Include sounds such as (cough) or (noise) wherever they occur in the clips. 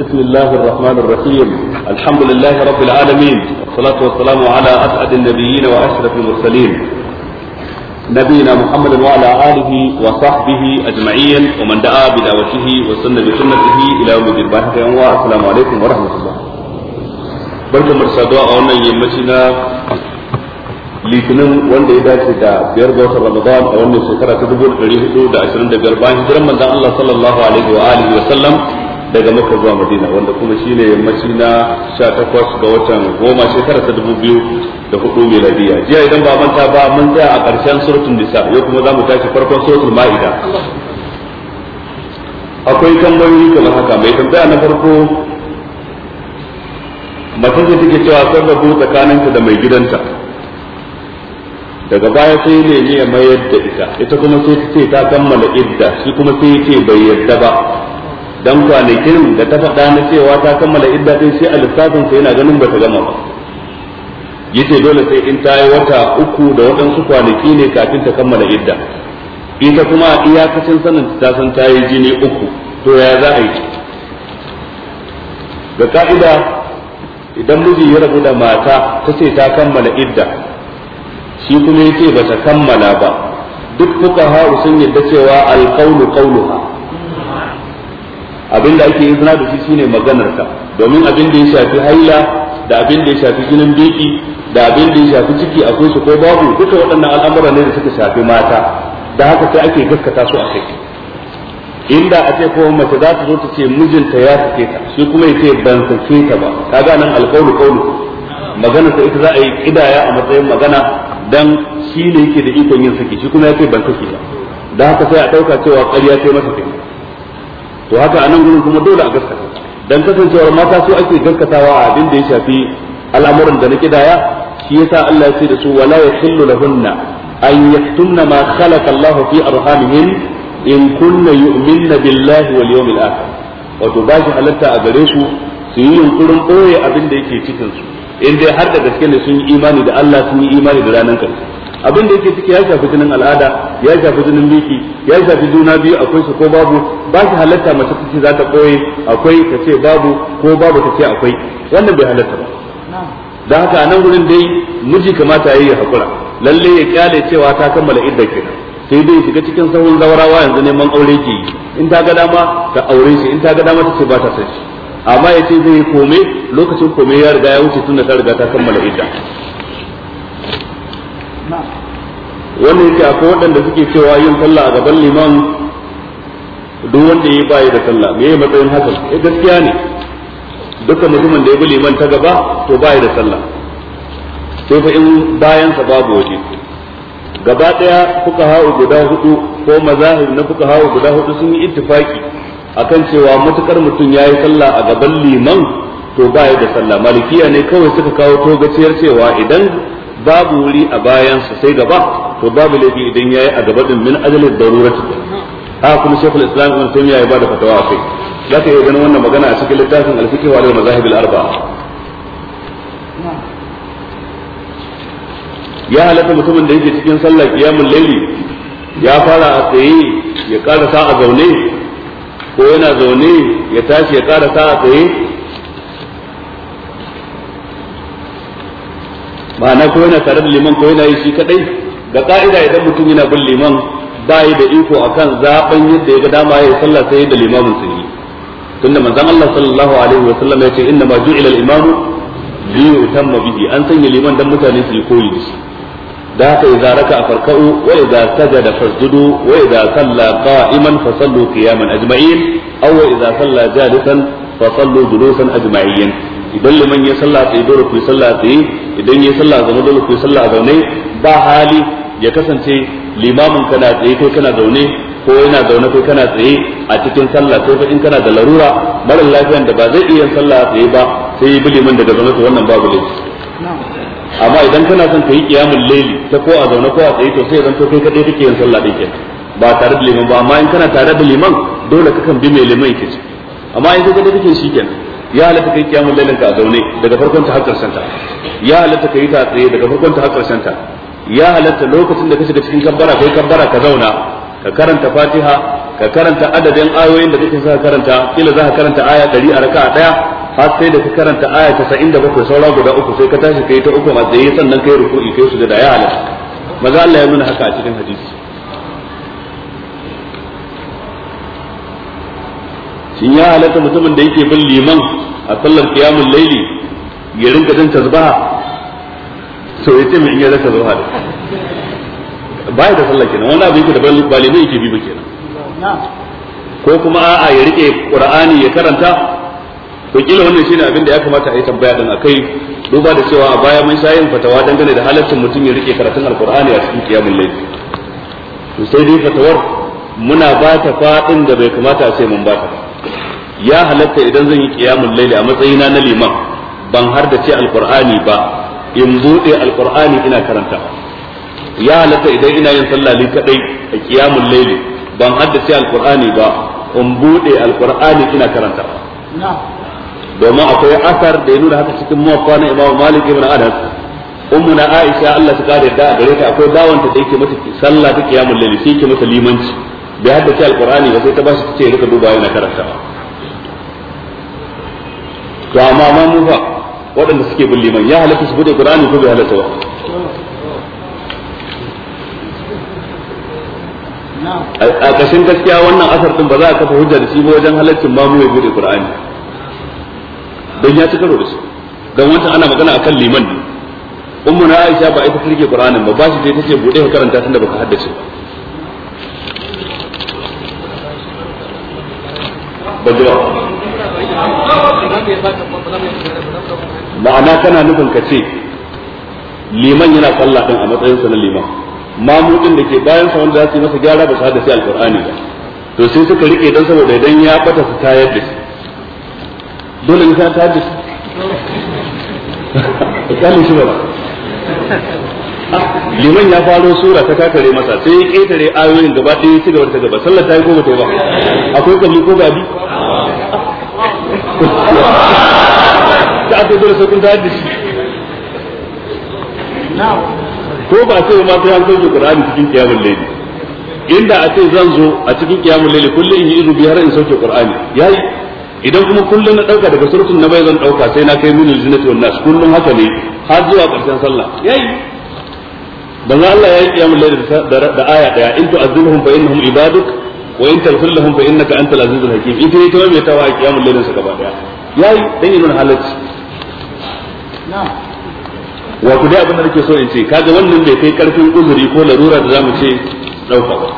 بسم الله الرحمن الرحيم الحمد لله رب العالمين والصلاة والسلام على أسعد النبيين وأشرف المرسلين نبينا محمد وعلى آله وصحبه أجمعين ومن دعا بدعوته وسن بسنته إلى يوم الدين والسلام عليكم ورحمة الله برجو مرسادة أولا يمتنا litinin wanda ya dace da biyar ga wata ramadan a wannan shekara ta dubu da ɗari hudu da ashirin da biyar bayan hijiran manzon Allah daga makka zuwa madina wanda kuma shine yammaci na 18 ga watan goma shekara ta mai miladiya jiya idan ba manta ba mun tsaya a ƙarshen suratul nisa yau kuma za mu tashi farkon suratul maida akwai tambayoyi kamar haka mai tambaya na farko mace da take cewa sarrafu tsakaninta da mai gidanta daga baya sai ne ya mayar da ita ita kuma sai ta ta kammala idda shi kuma sai ce bai yarda ba dan kwanakin da ta faɗa na cewa ta kammala idda din sai a lissafin yana ganin bata gama ba yace dole sai in ta yi wata uku da waɗansu kwanaki ne kafin ta kammala idda ita kuma a iyakacin sanin ta san ta yi jini uku to ya za a yi da ka'ida idan miji ya rabu da mata ta ce ta kammala idda shi kuma ya ce bata kammala ba duk fuka sun yadda cewa alƙaunu ƙaunuha abin da ake izina da shi shine maganar ka domin abin da ya shafi haila da abin da ya shafi jinin biki da abin da ya shafi ciki akwai su ko babu duka waɗannan al'amura ne da suka shafi mata da haka sai ake gaskata su a kai inda a ce kuma mace za ta zo ta ce mijinta ya sake ta shi kuma ya ce ban sake ta ba kaga nan alƙawlu ƙawlu magana sai ita za a yi kidaya a matsayin magana dan shi ne yake da ikon yin saki shi kuma ya ce ban sake ta da haka sai a ɗauka cewa ƙarya sai masa kai to haka anan gurin kuma dole a gaskata dan kasancewar mata su ake gaskatawa a abin da ya shafi al'amuran da na kidaya shi yasa Allah ya ce da su wala yahillu lahunna an yaktumna ma khalaqa Allah fi arhamihin in kunna yu'minna billahi wal yawmil akhir wato ba shi halatta a gare su su yi yunkurin boye abin da yake cikin su in dai har da gaske ne sun yi imani da Allah sun yi imani da ranar karshe abin da yake ciki ya shafi jinin al'ada ya shafi jinin miki ya shafi juna biyu akwai su ko babu ba shi halatta mace ta ce za ta koye akwai ta ce babu ko babu ta ce akwai wannan bai halatta ba da haka a nan gurin dai miji kamata ya yi hakura lalle ya kyale cewa ta kammala idda kenan sai dai shiga cikin sahun zawarawa yanzu neman aure ke yi in ta ga dama ta aure shi in ta ga dama ta ce ba ta san shi amma ya ce zai yi kome lokacin kome ya riga ya wuce tun da ta riga ta kammala idda wannan yake akwai waɗanda suke cewa yin sallah a gaban liman duk wanda ya bayi da sallah me ya matsayin hakan eh gaskiya ne duka mutumin da ya bi liman ta gaba to bayi da sallah sai fa in bayan sa babu waje gaba daya fuka hawo guda hudu ko mazahir na fuka hawo guda hudu sun yi ittifaki akan cewa matukar mutum yayi sallah a gaban liman to baya da sallah malikiya ne kawai suka kawo togaciyar cewa idan babu wuri a bayansa sai gaba to babu laifi idan yayi a gaba din min ajalin darurati a kuma shekul islam ibn taymiya ya bada fatawa kai za ka iya ganin wannan magana a cikin littafin al-fiqh wa al-mazahib al-arba'a ya halatta mutumin da yake cikin sallah qiyamul layli ya fara a tsaye ya karasa a zaune ko yana zaune ya tashi ya karasa a tsaye ma'ana ko yana tare da liman ko yana yi shi kadai ga ka'ida idan mutum yana bin liman bai da iko akan zaɓen yadda ya ga dama ya yi sallah sai da limamin sun yi tunda manzon Allah sallallahu alaihi wa sallam ya ce inna ma ju'ila al-imamu li yutamma bihi an sanya liman dan mutane su koyi da shi da haka idza raka farka'u wa idza sajada fasjudu wa idza salla qa'iman fasallu qiyaman ajma'in aw idza salla jalisan fasallu julusan ajma'in idan liman ya salla sai dole ku salla sai idan ya salla zama dole ku salla zaune ba hali ya kasance limamin kana tsaye kai kana zaune ko yana zaune kai kana tsaye a cikin sallah ko in kana da larura marar lafiyan da ba zai iya sallah tsaye ba sai yi bilimin daga zaune to wannan babu laifi amma idan kana son kai kiyamul laili ta ko a zaune ko a tsaye to sai zan to kai kadai kake yin sallah dai kenan ba tare da liman ba amma in kana tare da liman dole kakan bi mai liman yake amma in kai kadai kake shi kenan ya halatta kai kiyamun lailin ka a zaune daga farkon ta har karshen ta ya halatta kai ta tsaye daga farkon ta har karshen ta ya halatta lokacin da kake da cikin kabbara kai kabbara ka zauna ka karanta fatiha ka karanta adadin ayoyin da kake sa karanta kila za ka karanta aya 100 a raka'a daya har sai da ka karanta aya 97 saura guda uku sai ka tashi kai ta uku a tsaye sannan kai ruku'i kai su da ya halatta maza Allah ya nuna haka a cikin hadisi shin ya halatta mutumin da yake bin liman a sallar qiyamul laili ya rinka jin tasbaha to ya ce mai in ya zaka zo hada ba ya da sallah kenan wani abu yake da ba limai yake bi ba kenan ko kuma a'a ya rike qur'ani ya karanta to kila wannan shine abin da ya kamata a yi tambaya a akai duba da cewa a baya mun sayin fatawa dangane da halaccin mutum ya rike karatun alqur'ani a cikin qiyamul layl to sai dai fatawar muna ba ta fadin da bai kamata a ce mun ba ta ya halatta idan zan yi qiyamul layl a matsayina na liman ban har da ce alqur'ani ba in buɗe Alƙur'ani ina karanta ya halatta idan ina yin sallah ni kadai a qiyamul layli ban haddace Alƙur'ani ba in buɗe Alƙur'ani ina karanta domin akwai asar da ya nuna haka cikin muwaffa na Imam Malik ibn Anas ummu na Aisha Allah ta kare da gare ta akwai bawanta da yake mata sallah ta qiyamul layli sai yake mata limanci bai haddace Alƙur'ani ba sai ta bashi tace rika duba yana ba to amma ma mu fa waɗanda suke bin liman ya halatta su bude qur'ani ko bai halatta ba a ƙashin gaskiya wannan asar din ba za a kafa hujja da shi ba wajen halaccin ba mu ya bude qur'ani don ya ci karo da shi don wancan ana magana akan liman ne ummu na Aisha ba ita kirke Qur'anin ba ba shi dai tace bude ka karanta tunda baka haddace ba ba ma'ana kana nufin ka ce liman yana sallah din a matsayin sa na liman mamudin da ke bayan sa wanda za su yi masa gyara ba su hada sai alqur'ani ba to sai suka rike dan saboda idan ya bata su tayar da shi dole ne ta da shi (laughs) kalli shi ba liman ya faro sura ta kakare masa sai ya ketare ayoyin gaba ɗaya ci gaba ta gaba sallar ta yi goma ta yi ba akwai kalli ko gabi da aka dole sai kun tayar da shi ko ba sai ma sai an sauke Qur'ani cikin kiyamul layli inda a ce zan zo a cikin kiyamul layli kullum in yi izubi har in sauke Qur'ani yayi idan kuma kullum na dauka daga surutun na bai zan dauka sai na kai min jinnati wan nas kullum haka ne har zuwa karshen sallah yayi banza Allah ya yi kiyamul layli da aya daya in tu'azzimuhum fa innahum ibaduk wa in taghfir lahum fa innaka antal azizul hakim ita yake mai tawa kiyamul laylin sa gaba daya yayi dan yin halacci wato dai abin da nake so in ce kaga wannan bai kai karfin uzuri ko larura da zamu ce dauka ba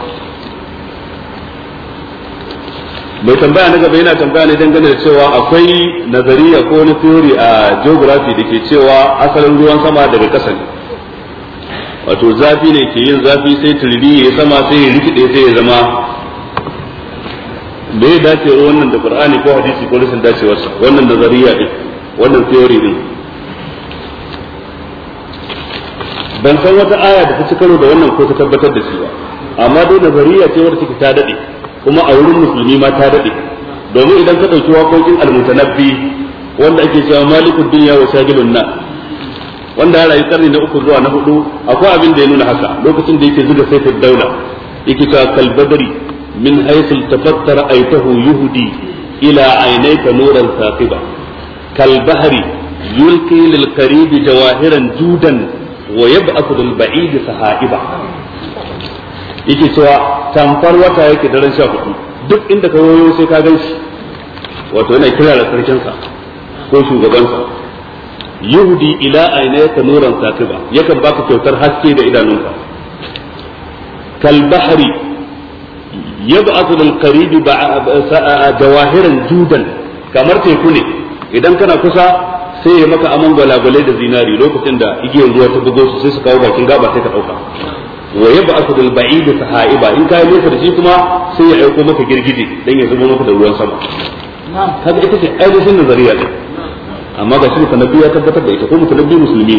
mai tambaya na gaba yana tambaya ne dangane da cewa akwai nazariya ko wani theory a geography da ke cewa asalin ruwan sama daga ƙasa ne wato zafi ne ke yin zafi sai turbi ya sama sai ya rikide sai ya zama da ya dace wannan da qur'ani ko hadisi ko rashin dacewarsa wannan nazariya din wannan theory din ban san wata aya da ta ci karo da wannan ko ta tabbatar da shi ba amma dai nazariya ce wadda take ta dade kuma a wurin musulmi ma ta dade domin idan ka dauki waƙoƙin almutanabbi wanda ake cewa malikud dunya wa shagilun na wanda ya rayu karni na uku zuwa na hudu akwai abin da ya nuna haka lokacin da yake zuga saifin daula yake ka kalbadari min haythul tafattara aytahu yuhudi ila aynayka nuran saqiba kalbahari yulqi lil qarib jawahiran judan wa yab'athu bil sahaiba yake cewa tamfar wata yake daren sha hudu duk inda ka wayo sai ka ganshi wato yana kira da sarkin sa ko shugaban sa yuhdi ila ya nuran satiba yakan baka kyautar haske da idanunka kal bahri yab'athu lil qarib jawahiran judan kamar teku ne idan kana kusa sai ya maka aman gwalagwalai da zinari lokacin da igiyar ruwa ta bugo su sai su kawo bakin gaba sai ka dauka wa yab'athu bil ba'id sahaiba in kai nesa da shi kuma sai ya aiko maka girgije dan ya zubo maka da ruwan sama kaga ita ce ainihin nazariya ne amma ga shi mutanabbi ya tabbatar da ita ko mutanabbi musulmi ne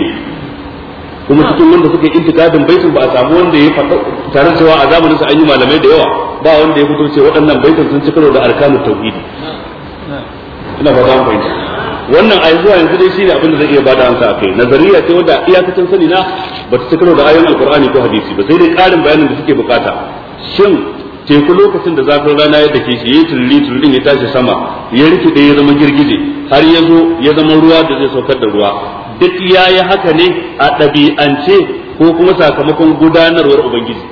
kuma cikin wanda suka yi intikadin baitin ba a samu wanda ya faɗa tare cewa a zamanin sa an yi malamai da yawa ba wanda ya fito ce waɗannan baitin sun ci karo da arkanut tauhidi ina ba za mu fahimta wannan a zuwa yanzu dai shine abin da zai iya bada a kai nazariya ce wanda iyakacin sani na ba ta da ayoyin alqur'ani ko hadisi ba sai dai karin bayanin da suke bukata shin teku lokacin da zafin rana ya dake shi yayi tulli tullin ya tashi sama ya rike da ya zama girgije har ya zo ya zama ruwa da zai saukar da ruwa duk yayi haka ne a ɗabi'ance ko kuma sakamakon gudanarwar ubangiji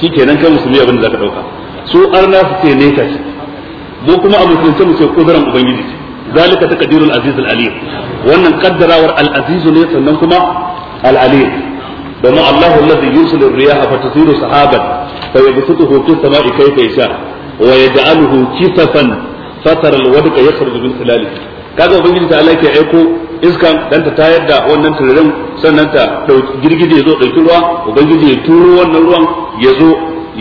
Shi kenan kai musulmi abin da zaka dauka su arna su ce ne ta mu kuma a musulunce mu ce kudurar ubangiji ce zalika taqdirul aziz al alim wannan qaddarawar al'azizu ne sannan kuma al alim domin Allah alladhi yursilu ar-riyaha fatasiru sahaban fa yabsutuhu fi samai kayfa yasha wa yaj'aluhu kisafan fatara al-wadqa yakhruju min khilalihi kaga ubangiji ta Allah ke aiko iskan danta ta tayar da wannan tururin sannan ta girgije zo dauki ruwa ubangiji ya turo wannan ruwan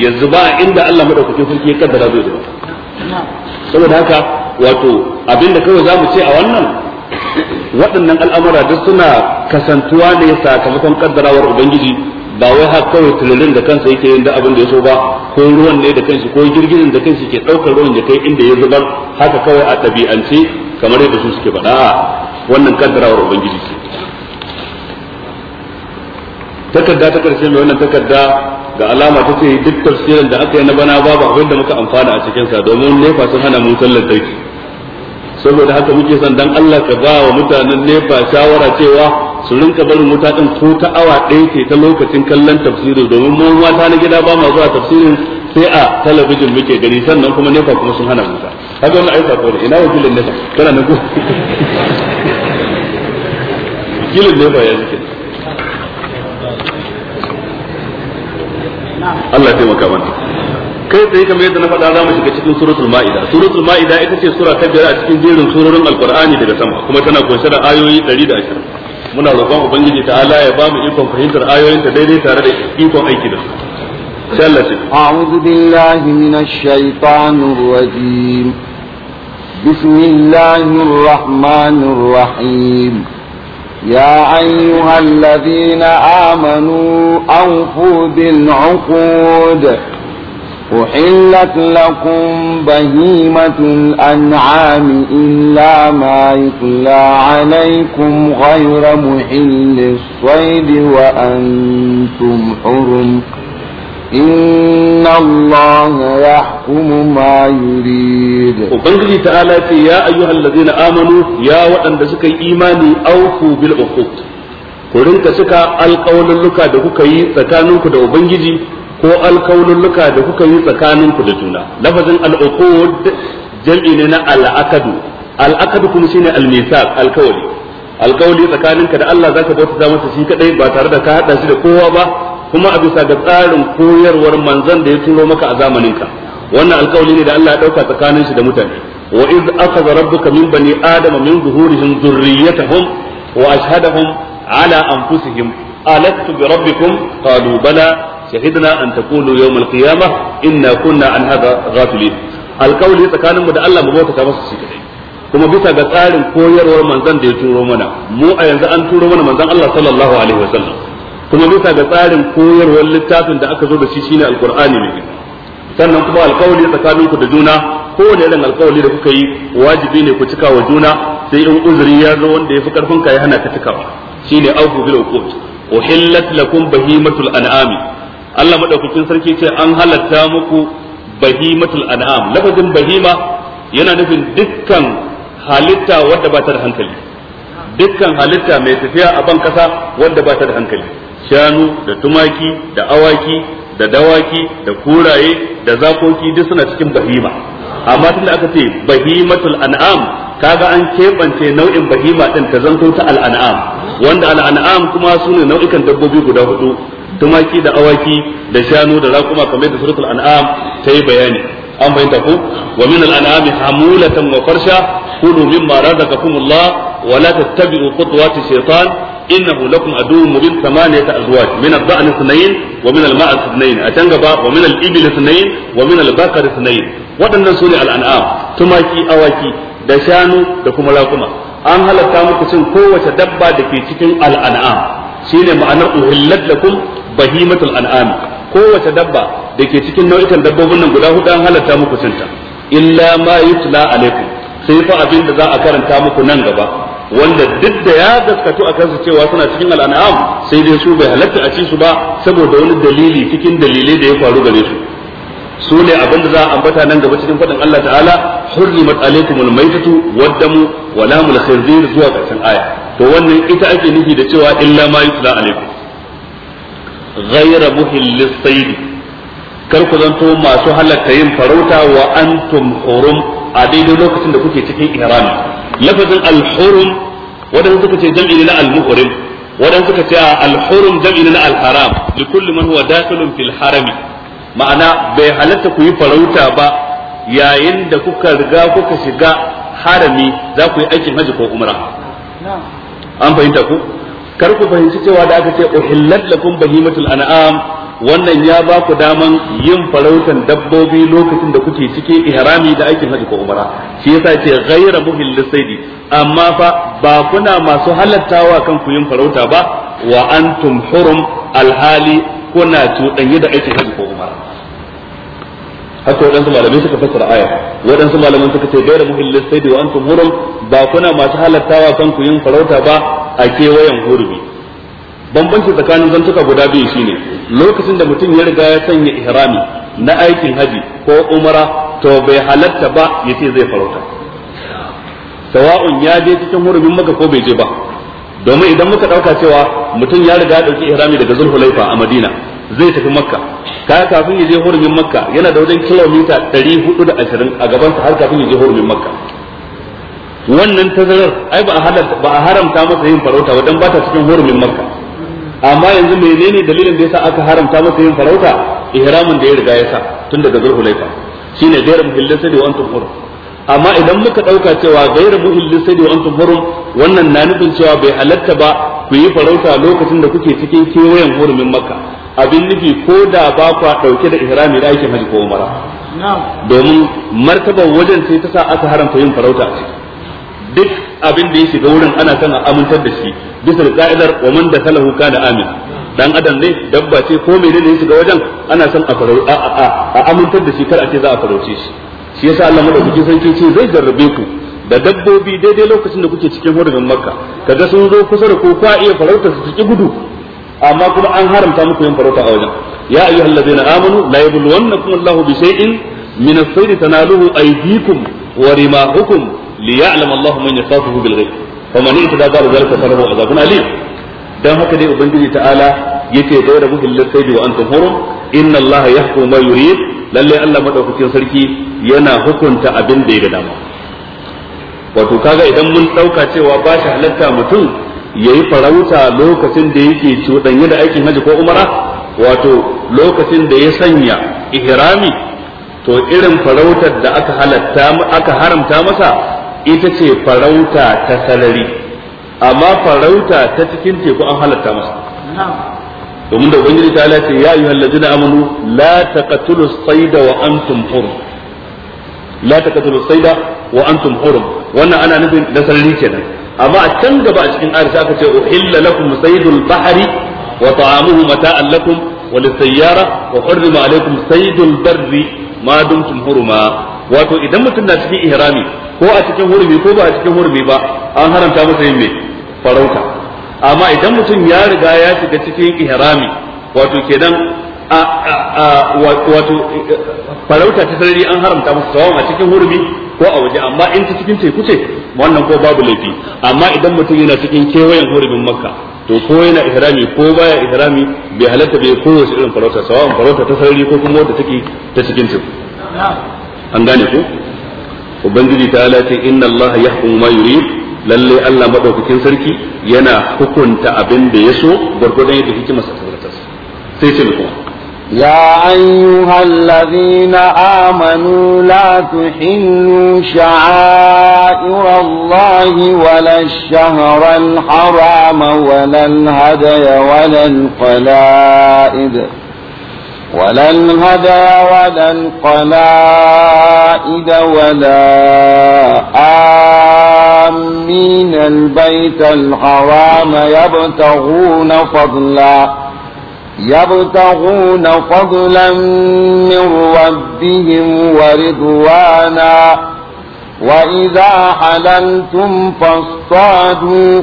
ya zo ba a inda Allah madaukakin sarki ya kaddara zai zuba saboda haka wato abinda kawai za mu ce a wannan waɗannan al'amura duk suna kasantuwa ne sakamakon kaddarawar ubangiji ba wai har kawai tulalin da kansa yake yin da abin da ya so ba ko ruwan ne da kansa ko girgizin da kansa ke ɗaukar ruwan ya kai inda ya zubar haka kawai a ɗabi'ance kamar yadda su suke faɗa wannan kaddarawar ubangiji takarda ta ƙarshe mai wannan takarda ga alama ta ce duk tafsirin da aka yi na bana babu abin da muka amfana a cikin sa domin nefa sun hana mu sallar tarki saboda haka muke son dan Allah ka ba wa mutanen nefa shawara cewa su rinka barin wuta din ko ta awa ɗaya ce ta lokacin kallon tafsiri domin mu mata na gida ba ma zuwa tafsirin sai a talabijin muke gani sannan kuma nefa kuma sun hana mu ta haka wannan aika ko ina wakilin nefa kana na ko (laughs) kilin nefa ya zike Allah ya taimaka mana kai tsaye kamar yadda na faɗa za mu shiga cikin suratul ma'ida suratul ma'ida ita ce sura ta biyar a cikin jerin surorin alqur'ani daga sama kuma tana kunshe da ayoyi 120 muna roƙon ubangiji ta ala ya ba mu ikon fahimtar ayoyin ta daidai tare da ikon aiki da su أعوذ بالله من الشيطان الرجيم بسم الله الرحمن الرحيم يا أيها الذين آمنوا أوفوا بالعقود أحلت لكم بهيمة الأنعام إلا ما يتلى عليكم غير محل الصيد وأنتم حرم ma ya إن الله يحكم ce ya وبنجي تعالى يا أيها الذين آمنوا يا وأن دسك إيماني أوفوا Ku kurinka suka alƙawalulluka da kuka yi tsakaninku da ubangiji ko alƙawalulluka da kuka yi tsakaninku da juna lafazin al'uqud jam'i ne na al'akadu al'akadu kuma shine al-misaq alƙawali alƙawali tsakaninka da Allah zaka bauta masa shi kadai ba tare da ka hada shi da kowa ba kuma a bisa ga tsarin koyarwar manzon da ya turo maka a zamanin ka wannan alkawali ne da Allah ya dauka tsakanin shi da mutane wa iz akhadha rabbuka min bani adama min zuhurihim dhurriyyatahum wa ashhadahum ala anfusihim alastu bi rabbikum qalu bala shahidna an taqulu yawm al inna kunna an hadha ghafilin alkawali tsakaninmu da Allah mu bauta masa shi kadai kuma bisa ga tsarin koyarwar manzon da ya turo mana mu a yanzu an turo mana manzon Allah sallallahu alaihi wasallam kuma bisa ga tsarin koyarwar littafin da aka zo da shi shine alqur'ani ne sannan kuma alkawali tsakanin ku da juna kowane irin alkawali da kuka yi wajibi ne ku cika wa juna sai in uzuri ya zo wanda ya fi karfin ka ya hana ka cikawa shine auku bil uqut uhillat lakum bahimatul an'am Allah madaukakin sarki ce an halatta muku bahimatul an'am lafazin bahima yana nufin dukkan halitta wadda ba ta da hankali dukkan halitta mai tafiya a ban kasa wadda ba ta da hankali shanu da tumaki da awaki da dawaki da kuraye da zakoki duk suna cikin bahima amma tunda aka ce bahimatul an'am kaga an keɓance nau'in bahima din ta zanto ta al'an'am wanda al'an'am kuma sune nau'ikan dabbobi guda hudu tumaki da awaki da shanu da raƙuma kamar da suratul an'am ta yi bayani an bayyana ku wa min al'an'ami hamulatan wa farsha kulu mimma razaqakumullah wa la tattabi'u khutuwati shaytan innahu lakum aduwwun mubin thamaniyata azwaj min ad-da'n ithnayn wa min al-ma'a ithnayn atan gaba wa min al-ibil ithnayn wa min al-baqar ithnayn wadannan sune al-an'am tumaki awaki da shanu da kuma lakuma an halarta muku cin kowace dabba da ke cikin al shine ma'anar uhillat lakum bahimatul an'am kowace dabba da ke cikin nau'ikan dabbobin guda hudu an halarta muku cinta illa ma yutla alaikum sai fa abin da za a karanta muku nan gaba wanda duk da ya gaskatu a kansu cewa suna cikin al'an'am sai dai su bai halatta a ci su ba saboda wani dalili cikin dalilai da ya faru gare su su ne abin da za a ambata nan gaba cikin faɗin Allah ta'ala hurrimat alaikumul maitatu waddamu wa lamul khinzir zuwa ƙarshen aya to wannan ita ake nufi da cewa illa ma yusla alaikum ghayra muhillis sayd kar ku zanto masu halatta yin farauta wa antum hurum a daidai lokacin da kuke cikin ihrami lafazin al-hurum wadanda suka ce jam'i na al wadanda suka ce al jam'i na alharam, li kulli man huwa dakhilun fil harami ma'ana bai halatta ku yi farauta ba yayin da kuka riga kuka shiga harami za ku yi aikin haji ko umra an fahimta ku kar ku fahimci cewa da aka ce uhillat lakum bahimatul an'am wannan ya ba ku daman yin farautan dabbobi lokacin da kuke cikin ihrami da aikin hajji ko umara shi yasa ce ghayra muhilli saidi amma fa ba kuna masu halattawa kan ku yin farauta ba wa antum hurum alhali kuna cuɗanye da aikin hajji ko umara haka waɗansu malamai suka fassara aya waɗansu malamai suka ce ghayra muhilli saidi wa antum hurum ba kuna masu halattawa kan ku yin farauta ba a kewayen hurumi bambanci tsakanin zantuka guda biyu shine lokacin da mutum ya riga ya sanya ihrami na aikin haji ko umara to bai halatta ba ya ce zai farauta sawa'un ya je cikin hurumin maka ko bai je ba domin idan muka ɗauka cewa mutum ya riga ya dauki ihrami daga Zulhulaifa a Madina zai tafi Makka ka kafin ya je hurumin Makka yana da wajen kilomita da ashirin a gaban sa har kafin ya je hurumin Makka wannan tazarar ai ba a haramta masa yin farauta wajen ba ta cikin hurumin Makka amma yanzu menene dalilin da yasa aka haramta masa yin farauta ihramin da ya riga ya sa tun daga laifa. shine gairu muhillin sadi wa antum hurum amma idan muka dauka cewa gairu muhillin sadi wa antum hurum wannan na nufin cewa bai halatta ba ku yi farauta lokacin da kuke cikin kewayen hurumin makka abin nufi ko da ba ku dauke da ihrami da ake hajji ko umara domin martaba wajen sai ta sa aka haramta yin farauta duk abin da ya shiga wurin ana son a amintar da shi bisa da ka'idar wa man da kalahu kana amin dan adam ne dabba ce ko ne ya shiga wajen ana son a a amintar da shi kar a ce za a farauce shi shi yasa Allah madaukakin sarki ce zai jarrabe ku da dabbobi daidai lokacin da kuke cikin hurumin makka kaga sun zo kusa da ku kwa iya farauta su ki gudu amma kuma an haramta muku yin farauta a wajen ya ayyuhal ladina amanu la yabluwannakum Allahu bi shay'in min as-sayd tanaluhu aydikum wa rimahukum li ya'lam Allahu man yakhafuhu bil ghaib fa man yatada ba'da zalika fa lahu azabun alim dan haka dai ubangiji ta'ala yake da rabu bil sayyid wa antum hurum inna Allaha yahkumu ma yurid lalle Allah madaukakin sarki yana hukunta abin da ya ga dama wato kaga idan mun dauka cewa ba shi halatta mutum yayi farauta lokacin da yake cuɗanye da aikin hajji ko umara wato lokacin da ya sanya ihrami to irin farautar da aka haramta masa ita ce farauta ta salari amma farauta ta cikin teku an halatta masa domin da ubangiji ta ce ya ayyuha allazina amanu la taqtulu sayda wa antum hurum la wa antum hurum wannan ana nufin da sarari kenan amma a can gaba a cikin ayar aka ce uhilla lakum saidul bahari wa ta'amuhu mata'an lakum wa lisayyara wa hurrima alaykum saidul barri ma dumtum huruma wato idan mutum na cikin ihrami ko a cikin hurumi ko ba a cikin hurumi ba an haramta masa yin me farauta amma idan mutum ya riga ya shiga cikin ihrami wato kenan a wato farauta ta sarari an haramta masa tsawon a cikin hurumi ko a waje amma in ta cikin teku ce wannan ko babu laifi amma idan mutum yana cikin kewayen hurumin makka to ko yana ihrami ko baya ihrami bai halatta bai kowace irin farauta sawa'an farauta ta sarari ko kuma wadda take ta cikin teku an gane ko ubangiji ta ala ce inna allaha yahkumu ma yurid lalle Allah madaukakin sarki yana hukunta abin da ya so gurgurdan yadda hikima ta tabbatar sai ce ya kuma يا أيها الذين آمنوا لا تحلوا شعائر الله ولا الشهر الحرام ولا الهدي ولا القلائد ولا الهدى ولا القلائد ولا آمين البيت الحرام يبتغون فضلا يبتغون فضلا من ربهم ورضوانا وإذا حللتم فاصطادوا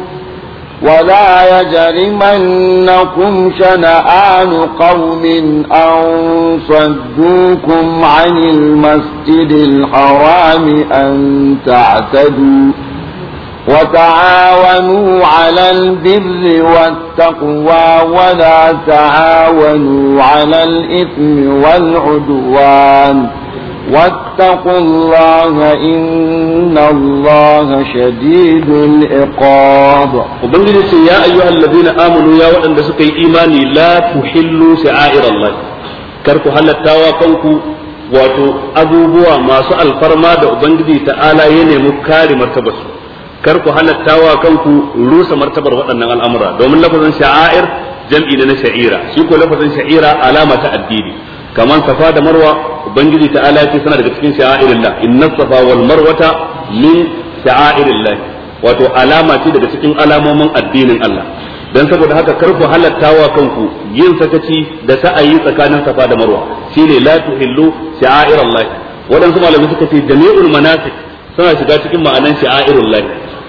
ولا يجرمنكم شنآن قوم أن صدوكم عن المسجد الحرام أن تعتدوا وتعاونوا على البر والتقوى ولا تعاونوا على الإثم والعدوان واتقوا الله إن الله شديد العقاب وبنجلس يا أيها الذين آمنوا يا وأن سكي إيماني لا تحلوا سعائر الله كركو هل التواقنكو wato abubuwa masu alfarma da ubangiji ta'ala ya nemi kare martabar su kar ku kanku rusa martabar waɗannan al'amura domin lafazin sha'air jam'i da na sha'ira shi ko lafazin sha'ira alama ta addini kaman safa da marwa ubangiji ta ya ce suna daga cikin sha'airillah inna safa marwata min wato alama ce daga cikin alamomin addinin Allah dan saboda haka kar halattawa kanku yin sakaci da sa'ayi tsakanin safa da marwa shine la tuhillu sha'airallah wadansu malamai suka ce jami'ul manasik suna shiga cikin ma'anan sha'airullah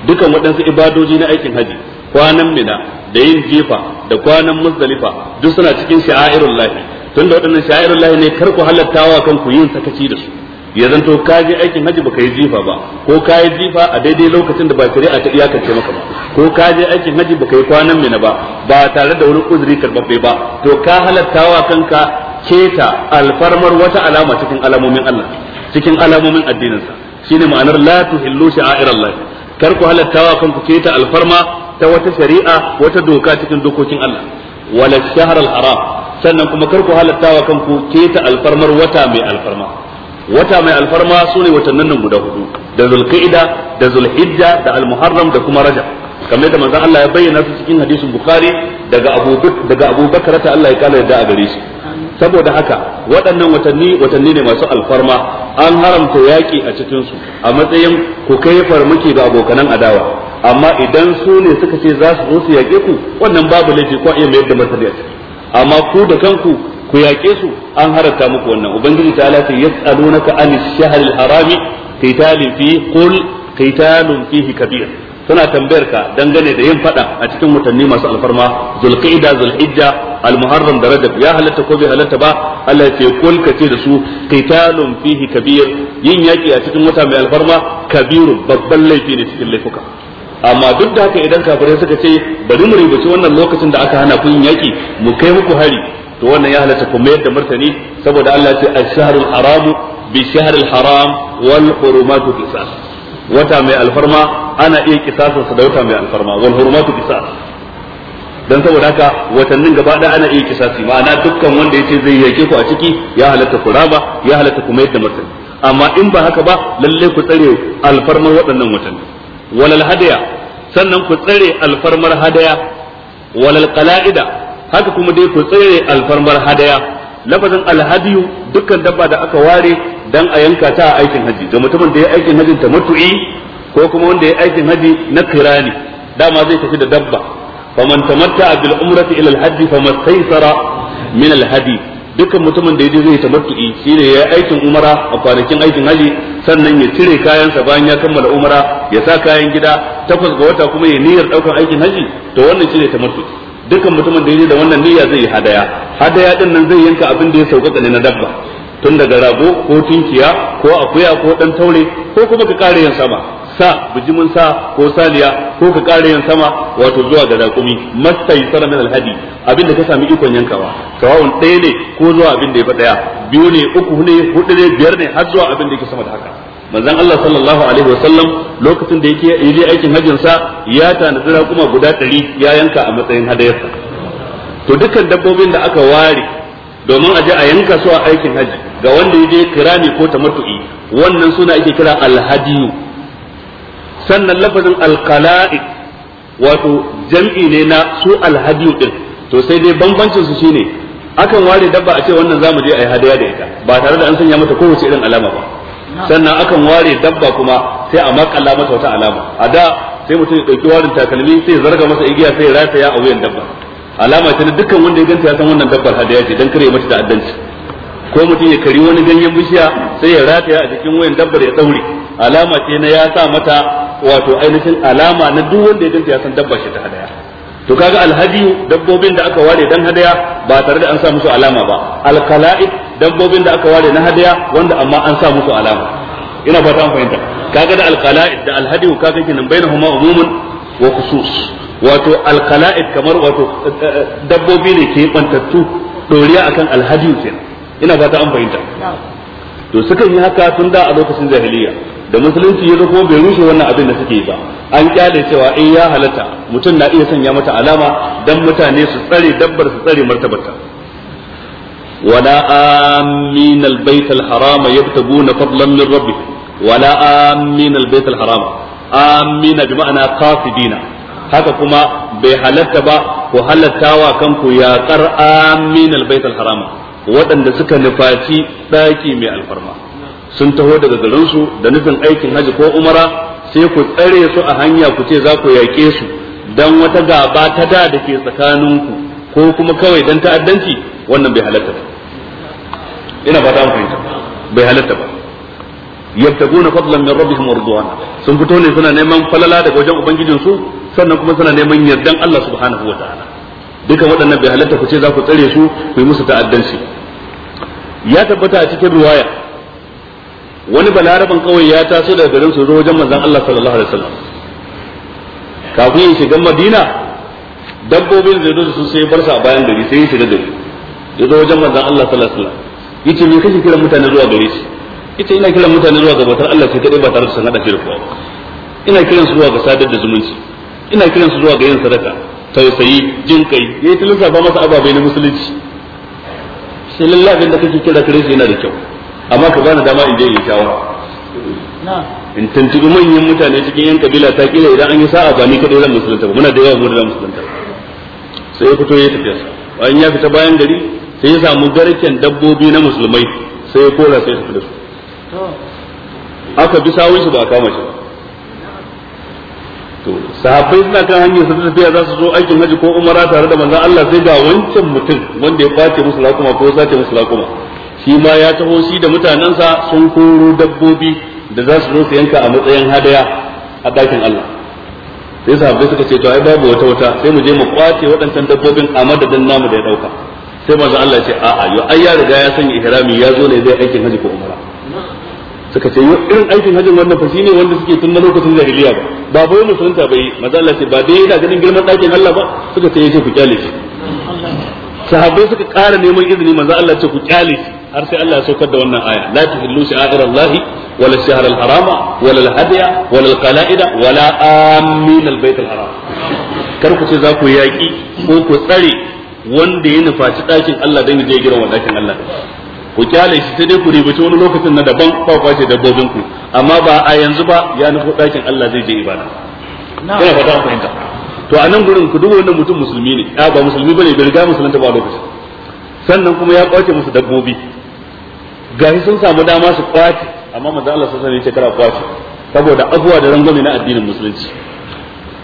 dukan wadansu ibadoji na aikin haji kwanan mina da yin jifa da kwanan muzdalifa duk suna cikin lafiya. tun da waɗannan sha'irun lahi ne kar ku halattawa kan ku yin sakaci da su ya zanto ka je aikin haji baka yi jifa ba ko ka yi jifa a daidai lokacin da ba shari'a ta iyakance maka ba ko ka je aikin haji baka yi kwanan mina ba ba tare da wani uzuri karbabbe ba to ka halattawa kanka keta alfarmar wata alama cikin alamomin Allah cikin alamomin addininsa shine ma'anar la tuhillu sha'airallah kar ku halattawa kanku keta alfarma ta wata shari'a wata doka cikin dokokin Allah wala shahr al-haram sannan kuma kar ku halatta wa kanku keta alfarmar wata mai alfarma wata mai alfarma ne watannin nan guda hudu da zulqa'ida da zulhijja da almuharram da kuma rajab kamar da manzon Allah ya bayyana su cikin hadisin bukhari daga abu daga abubakar ta Allah ya kala yadda a gare shi saboda haka waɗannan watanni watanni ne masu alfarma an haramta yaƙi a cikinsu a matsayin ku kai farmaki ga abokanan adawa amma idan su ne suka ce za su zo su yaƙe ku wannan babu laifi ko iya mayar da martani a ciki amma ku da kanku ku yaƙe su an harata muku wannan ubangiji ta ala ta yas'alunaka anis shahril harami qitalin fi qul qitalun fihi kabir suna tambayar ka dangane da yin fada a cikin watanni masu alfarma zulqa'ida zulhijja almuharram da rajab ya halatta ko bai halatta ba Allah ya ce kul ka ce da su qitalun fihi kabir yin yaki a cikin wata mai alfarma kabiru babban laifi ne cikin laifuka amma duk da haka idan kafirai suka ce bari mu ribaci wannan lokacin da aka hana kun yaki mu kai muku hari to wannan ya halatta ku mayar da martani saboda Allah ce ash-shahrul haramu bi shahril haram wal hurumatu qisas wata mai alfarma ana iya kisasin sa da wata mai alfarma wal hurumatu qisas dan saboda haka watannin gaba da ana iya kisasi ma'ana dukkan wanda yace zai yake ku a ciki ya halatta ku raba ya halatta ku mayar da martani amma in ba haka ba lalle ku tsare alfarmar waɗannan watanni walal hadaya sannan ku tsare alfarmar hadaya walal qala'ida haka kuma dai ku tsare alfarmar hadaya lafazin alhadiyu dukkan dabba da aka ware dan a yanka ta a aikin haji ga mutumin da ya aikin hajin ta mutu'i ko kuma wanda ya aikin haji na kirani dama zai tafi da dabba faman tamatta bil umrati ila al hajji famastaysara min al dukkan mutumin da ya je zai tamattu'i shi ne ya yi aikin umara a kwanakin aikin haji sannan ya cire kayansa bayan ya kammala umara ya sa kayan gida takwas ga wata kuma ya niyyar daukan aikin haji to wannan shi ne tamattu'i dukkan mutumin da ya je da wannan niyya zai yi hadaya hadaya din nan zai yanka abin da ya sauƙaƙa ne na dabba tun daga rago ko tunkiya ko akuya ko dan taure ko kuma ka kare yan sama sa bijimin sa ko saliya ko ka ƙara yan sama wato zuwa ga raƙumi masai sara min alhadi abin da ka sami ikon yankawa sawa'un ɗaya ne ko zuwa abin da ya fi ɗaya biyu ne uku ne hudu ne biyar ne har zuwa abin da yake sama da haka manzon Allah sallallahu alaihi wa sallam lokacin da yake yi aikin hajjin sa ya tanadi raƙuma guda ɗari ya yanka a matsayin sa to dukkan dabbobin da aka ware domin a je a yanka su a aikin hajji ga wanda ya je kirani ko tamattu'i wannan suna ake kira alhadiyu sannan lafazin alqala'i wato jam'i ne na su alhadiyu din to sai dai bambancin su shine akan ware dabba a ce wannan zamu je ayi hadaya da ita ba tare da an sanya mata kowace irin alama ba sannan akan ware dabba kuma sai a makalla mata wata alama a da sai mutum ya dauki warin takalmi sai zarga masa igiya sai rataya a wuyan dabba alama ce na dukkan wanda ya ganta ya san wannan dabbar hadaya ce dan kare mata ta'addanci ko mutum ya kari wani ganyen bishiya sai ya rataya a jikin wayan dabbar ya daure alama ce na ya sa mata wato ainihin alama na duk wanda ya danta ya san dabba shi ta hadaya to kaga alhadiyu dabbobin da aka ware dan hadaya ba tare da an sa musu alama ba alqala'id dabbobin da aka ware na hadaya wanda amma an sa musu alama ina fata an fahimta kaga da alqala'id da alhadiyu kaga kinan bainahuma umumun wa khusus wato alqala'id kamar wato eh, eh, dabbobi ne ke bantattu doriya akan alhadiyu kenan ina fata an fahimta to sukan yi haka tun da a lokacin jahiliya da musulunci ya zo kuma bai rushe wannan abin da suke yi ba an kyale cewa in ya halatta mutum na iya sanya mata alama dan mutane su tsare dabbar su tsare martabarta wala amin albayt alharama yabtaguna fadlan min rabbik wala amin albayt alharama amin bi ma'ana qasidina haka kuma bai halatta ba ku wa kanku ya qar amin albayt alharama waɗanda suka nufaci ɗaki mai alfarma sun taho daga garinsu da nufin aikin haji ko umara sai ku tsare su a hanya ku ce za ku yaƙe su dan wata gaba ta da da ke tsakaninku ko kuma kawai dan ta'addanci wannan bai halatta ba ina ba ta fahimta bai halatta ba yabtaguna fadlan min rabbihim warduwan sun fito ne suna neman falala daga wajen ubangijin su sannan kuma suna neman yardan Allah subhanahu wataala duka waɗannan bai halatta ku ce za ku tsare su ku yi musu ta'addanci ya tabbata a cikin riwaya wani balaraban kawai ya taso daga garin su zo wajen manzon Allah sallallahu alaihi wasallam kafin ya shiga Madina dabbobin da zo su sai bar sa bayan gari sai ya shiga gari ya zo wajen manzon Allah sallallahu alaihi wasallam yace me kake kiran mutane zuwa gare shi yace ina kiran mutane zuwa ga batar Allah sai kadai ba tare da san hada shi da kowa ina kiran su zuwa ga sadar da zumunci ina kiran su zuwa ga yin sadaka tausayi jin kai yayi tilasta ba masa ababai na musulunci sai lallabin da kake kira kare shi yana da kyau amma ka bani dama in je in shawara in tuntubi manyan mutane cikin yan kabila ta kila idan an yi sa'a ba ni kadai zan musulunta ba muna da yawa mu zan musulunta sai ya fito ya tafiya bayan ya fita bayan gari sai ya samu garken dabbobi na musulmai sai ya kora sai ya tafi da su aka bi sawun shi ba a kama shi ba to sahabbai suna kan hanyar su tafiya za su zo aikin hajji ko umara tare da manzon Allah sai ga wancan mutum wanda ya kwace musu lakuma ko ya sace musu lakuma shi ma ya taho shi da mutanensa sun koro dabbobi da za su zo su yanka a matsayin hadaya a ɗakin Allah sai sahabbai suka ce to ai babu wata wata sai mu je mu kwace waɗancan dabbobin a madadin namu da ya ɗauka sai manzo Allah ya ce a a yo ai ya riga ya sanya ihrami ya zo ne zai aikin haji ko umara suka ce yo irin aikin hajin wannan fa shine wanda suke tun na lokacin jahiliya ba ba bai sunta bai manzo Allah ce ba dai yana ganin girman ɗakin Allah ba suka ce yace ku kyale shi sahabbai suka ƙara neman izini manzo Allah ce ku kyale shi har sai Allah ya saukar da wannan aya la tuhillu sha'irallahi wala shahr al-harama wala al-hadiya wala al-qala'ida wala amin al-bayt al-haram kar ku ce za ku yaki ko ku tsare wanda ya nufaci dakin Allah dan je giran dakin Allah ku kyale shi sai dai ku ribaci wani lokacin na daban ba kwace dabbobin ku amma ba a yanzu ba ya nufo dakin Allah zai je ibada kana fata fahimta to a nan gurin ku duk wannan mutum musulmi ne ba musulmi bane bai riga musulunta ba lokacin sannan kuma ya kwace musu dabbobi gashi sun samu dama su kwace amma maza Allah sun sani ya ce kara kwace saboda abuwa da rangwame na addinin musulunci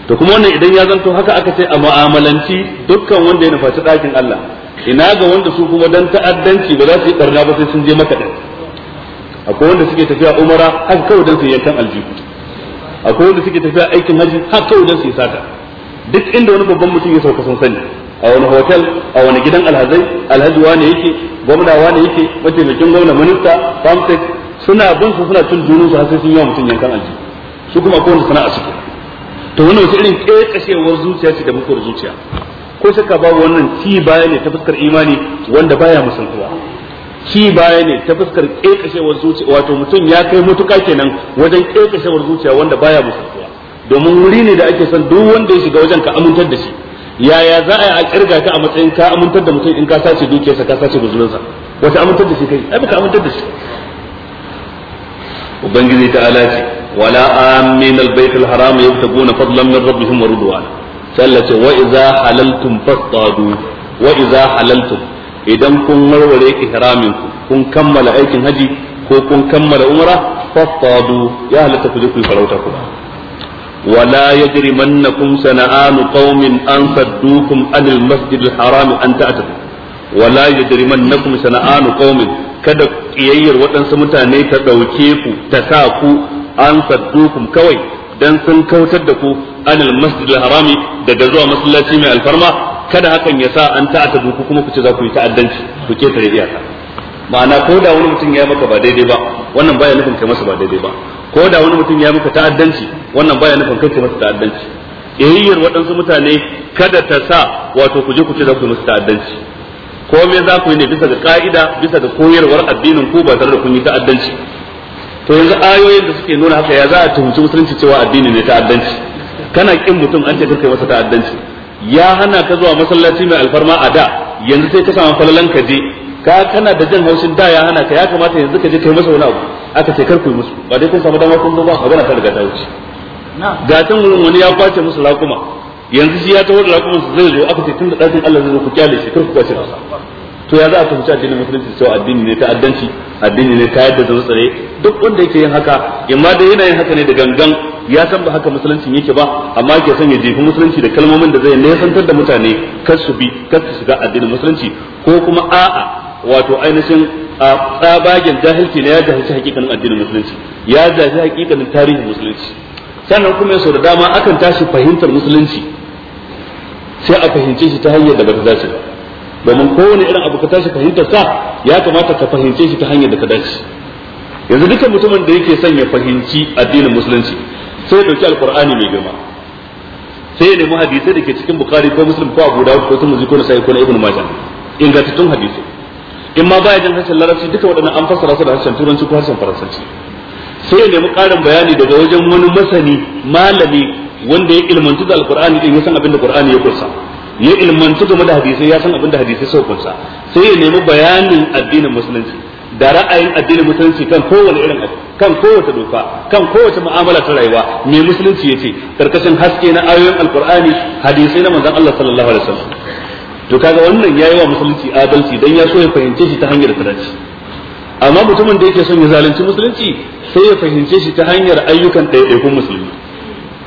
to kuma wannan idan ya zanto haka aka ce a mu'amalanci dukkan wanda ya nufaci ɗakin Allah ina ga wanda su kuma dan ta'addanci ba za su yi barna ba sai sun je maka din akwai wanda suke tafiya umara haka kawai dan su yi yankan aljihu akwai wanda suke tafiya aikin haji haka kawai dan su yi sata duk inda wani babban mutum ya sauka sun sani a wani hotel a wani gidan alhazai alhaji wane yake gwamna wane yake mataimakin gwamna minista famsek suna bin su suna cin dunun su har sai sun yi wa mutum yankan alji su kuma ko wani sana'a suke to wannan wasu irin kashewar zuciya ce da mutuwar zuciya ko shakka babu wannan ci baya ne ta fuskar imani wanda baya musantuwa ci baya ne ta fuskar kekashewar zuciya wato mutum ya kai mutuka kenan wajen kekashewar zuciya wanda baya musantuwa domin wuri ne da ake son duk wanda ya shiga wajen ka amintar da shi yaya za a yi kirga ta a matsayin ka amintar da mutum in ka sace dukiyarsa ka sace guzurinsa wata amintar da shi kai ai baka amintar da shi ubangiji ta alaci wala amin albayt alharam yabtaguna fadlan min rabbihim wa ridwan sallace wa idza halaltum fastadu wa idza halaltum idan kun warware ihramin ku kun kammala aikin haji ko kun kammala umra fastadu ya halatta ku je ku farauta ku ولا يجرمنكم سنآن قوم أن صدوكم عن المسجد الحرام أن تأتوا ولا يجرمنكم سنآن قوم kada kiyayyar waɗansu mutane ta ɗauke ku ta sa ku an saddukum kawai dan sun kautar da ku anil masjidil harami daga zuwa masallaci mai alfarma kada hakan ya sa an ta'ata ku kuma ku ce za ku yi ta'addanci ku ketare iyaka ma'ana ko da wani mutum ya maka ba daidai ba wannan baya nufin kai masa ba daidai ba ko da wani mutum ya maka ta'addanci wannan baya nufin kai masa ta'addanci yayyar waɗansu mutane kada ta sa wato ku je ku ce za ku musu ta'addanci ko me za ku yi ne bisa ga ka'ida bisa ga koyarwar addinin ku ba tare da kun yi ta'addanci to yanzu ayoyin da suke nuna haka ya za a tuhumci musulunci cewa addini ne ta'addanci kana kin mutum an ce kai masa ta'addanci ya hana ka zuwa masallaci mai alfarma a da yanzu sai ka samu falalan ka je ka kana da jin haushin da ya hana ka ya kamata yanzu ka je kai masa wani abu aka ce karku musu ba dai kun samu dama kun zo ba magana ta riga ta wuce ga can wurin wani ya kwace musu raƙuma yanzu shi ya taho da raƙuman su zai zo aka ce tun da ɗakin Allah zai zo ku kyale shi karku kwace masa to ya za a fahimci addinin musulunci cewa addini ne ta'addanci addini ne ta da zama tsare duk wanda yake yin haka imma dai yana yin haka ne da gangan ya san ba haka musuluncin yake ba amma yake son ya jefi musulunci da kalmomin da zai nesantar da mutane kar su bi kar su shiga addinin musulunci ko kuma a'a wato ainihin a tsabagen jahilci ne ya jahilci hakikanin addinin musulunci ya jahilci hakikanin tarihin musulunci sannan kuma yaso da dama akan tashi fahimtar musulunci sai a fahimce shi ta hanyar da ba ta dace domin kowane irin abu ka tashi fahimtar sa ya kamata ka fahimce shi ta hanyar da ta dace yanzu dukkan mutumin da yake son ya fahimci addinin musulunci sai ya dauki alkur'ani mai girma sai ya nemi hadisai da ke cikin bukari ko muslim ko abu dawud ko muzi ko nasai ko na ibnu majah ingantattun hadisai in ma baya jin harshen larabci duka waɗannan an fassara su da harshen turanci ko harshen faransanci sai ya nemi ƙarin bayani daga wajen wani masani malami wanda ya ilmantu da alqur'ani din ya san abin da qur'ani ya kunsa ya ilmantu game da hadisai ya san abin da hadisai suka kunsa sai ya nemi bayanin addinin musulunci da ra'ayin addinin musulunci kan kowane irin abu kan kowace doka kan kowace mu'amala ta rayuwa mai musulunci yace karkashin haske na ayoyin alqur'ani hadisai na manzon Allah sallallahu alaihi wasallam to kaga wannan yayi wa musulunci adalci dan ya so ya fahimce shi ta hanyar sadaci amma mutumin da yake son ya zalunci musulunci sai ya fahimce shi ta hanyar ayyukan ɗaiɗaikun musulmi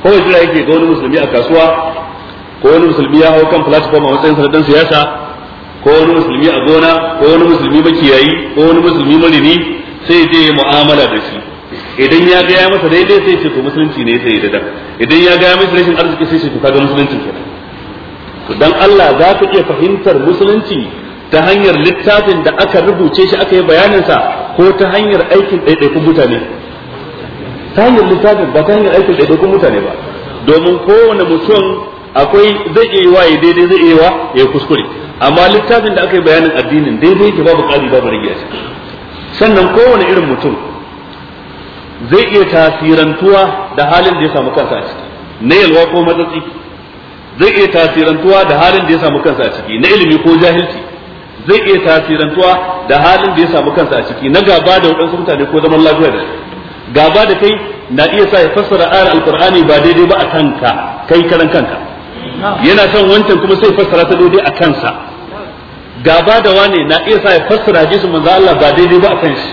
ya jira yake ga wani musulmi a kasuwa ko wani musulmi ya hau kan platform a matsayin sanadin siyasa ko wani musulmi a gona ko wani musulmi makiyayi ko wani musulmi marini sai ya je ya mu'amala da shi idan ya ga ya masa daidai sai ya ce to musulunci ne sai ya dada idan ya ga ya masa rashin arziki sai ya ce to kaga musulunci kenan dan Allah za ka iya fahimtar musulunci ta hanyar littafin da aka rubuce shi aka yi bayaninsa ko ta hanyar aikin ɗaiɗaikun mutane ta hanyar littafin ba ta hanyar aikin ɗaiɗaikun mutane ba domin kowane mutum akwai zai iya wa ya daidai zai iya wa ya kuskure amma littafin da aka yi bayanin addinin daidai ke babu ƙari babu rage a sannan kowane irin mutum zai iya tasirantuwa da halin da ya samu kansa a ciki na yalwa ko matsatsi zai iya tasirantuwa da halin da ya samu kansa a ciki na ilimi ko jahilci zai iya tasirantuwa da halin da ya samu kansa a ciki na gaba da waɗansu mutane ko zaman lafiya da gaba da kai na iya sa ya fassara ayar alkur'ani ba daidai ba a kanka kai karan kanka yana son wancan kuma sai fassara ta daidai a kansa gaba da wane na iya sa ya fassara hadisin manzo Allah ba daidai ba a kansa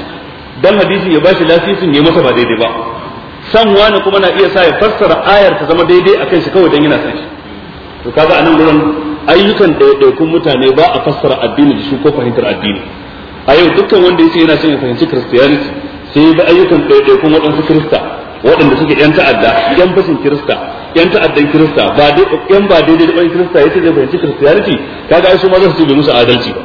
dan hadisi ya bashi lasisin ya masa ba daidai ba san wani kuma na iya sa ya fassara ayar ta zama daidai a kansa kawai dan yana san shi to kaga anan gurin ayyukan ɗaiɗaikun mutane ba a fassara addini da su ko fahimtar addini a yau dukkan wanda yake yana son ya fahimci christianity sai ya bi ayyukan ɗaiɗaikun waɗansu kirista waɗanda suke yan ta'adda yan fashin kirista yan ta'addan kirista ba dai yan ba daidai da kirista yake zai fahimci christianity kaga ai su ma za su ce musu adalci ba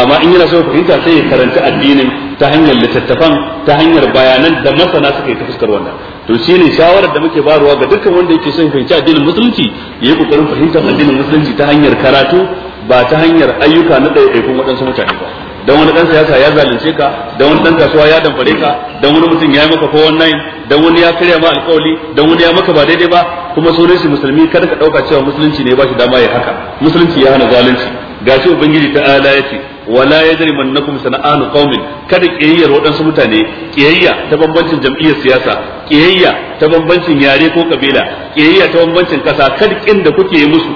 amma in yana so fahimta sai ya karanta addinin ta hanyar littattafan ta hanyar bayanan da masana suka yi ta fuskar wannan to shi ne shawarar da muke barwa ga dukkan wanda yake son fahimci addinin musulunci ya yi kokarin fahimtar addinin musulunci ta hanyar karatu ba ta hanyar ayyuka na ɗaiɗaikun waɗansu mutane ba dan wani dan siyasa ya zalunce ka dan wani ɗan kasuwa ya damfare ka dan wani mutum ya yi maka ko wannan dan wani ya karya ma alƙawali dan wani ya maka ba daidai ba kuma sunan shi musulmi kada ka ɗauka cewa musulunci ne ba shi dama ya haka musulunci ya hana zalunci gashi ubangiji ta ala ce. wala yajrimannakum sana'anu qaumin kada kiyayyar waɗansu mutane kiyayya ta bambancin jam'iyyar siyasa kiyayya ta bambancin yare ko kabila kiyayya ta bambancin kasa kada kin da kuke yi musu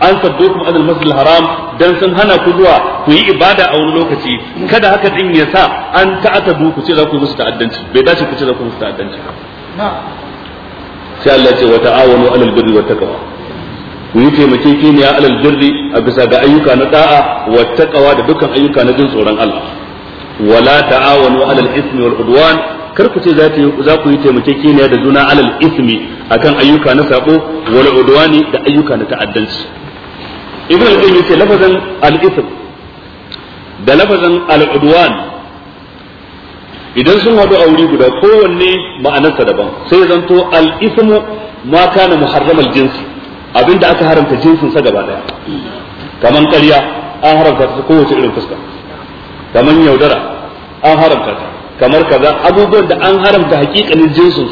an saddokum anil masjidil haram dan sun hana ku zuwa ku yi ibada a wani lokaci kada haka din ya sa an ta'atadu ku ce za ku yi musu ta'addanci bai dace ku ce za ku yi musu ta'addanci sai Allah ya ce wa ta'awanu alal birri taqwa ku yi taimakekeniya alal birri a bisa ga ayyuka na da'a wa taqwa da dukkan ayyuka na jin tsoron Allah wala ta'awanu alal ismi wal udwan kar ku ce za ku yi taimakekeniya da juna alal ismi akan ayyuka na sabo wal udwani da ayyuka na ta'addanci ibn al-qayyim yace lafazan al-ism da lafazan al-udwan idan sun hadu a wuri guda kowanne ma'anarsa daban sai zanto al-ismu ma kana muharramal jinsi abinda aka haramta jinsin sa gaba daya kaman ƙarya an haramta ta kowace irin fuska kaman yaudara an haramta ta kamar kaza abubuwan da an haramta hakikanin jinsin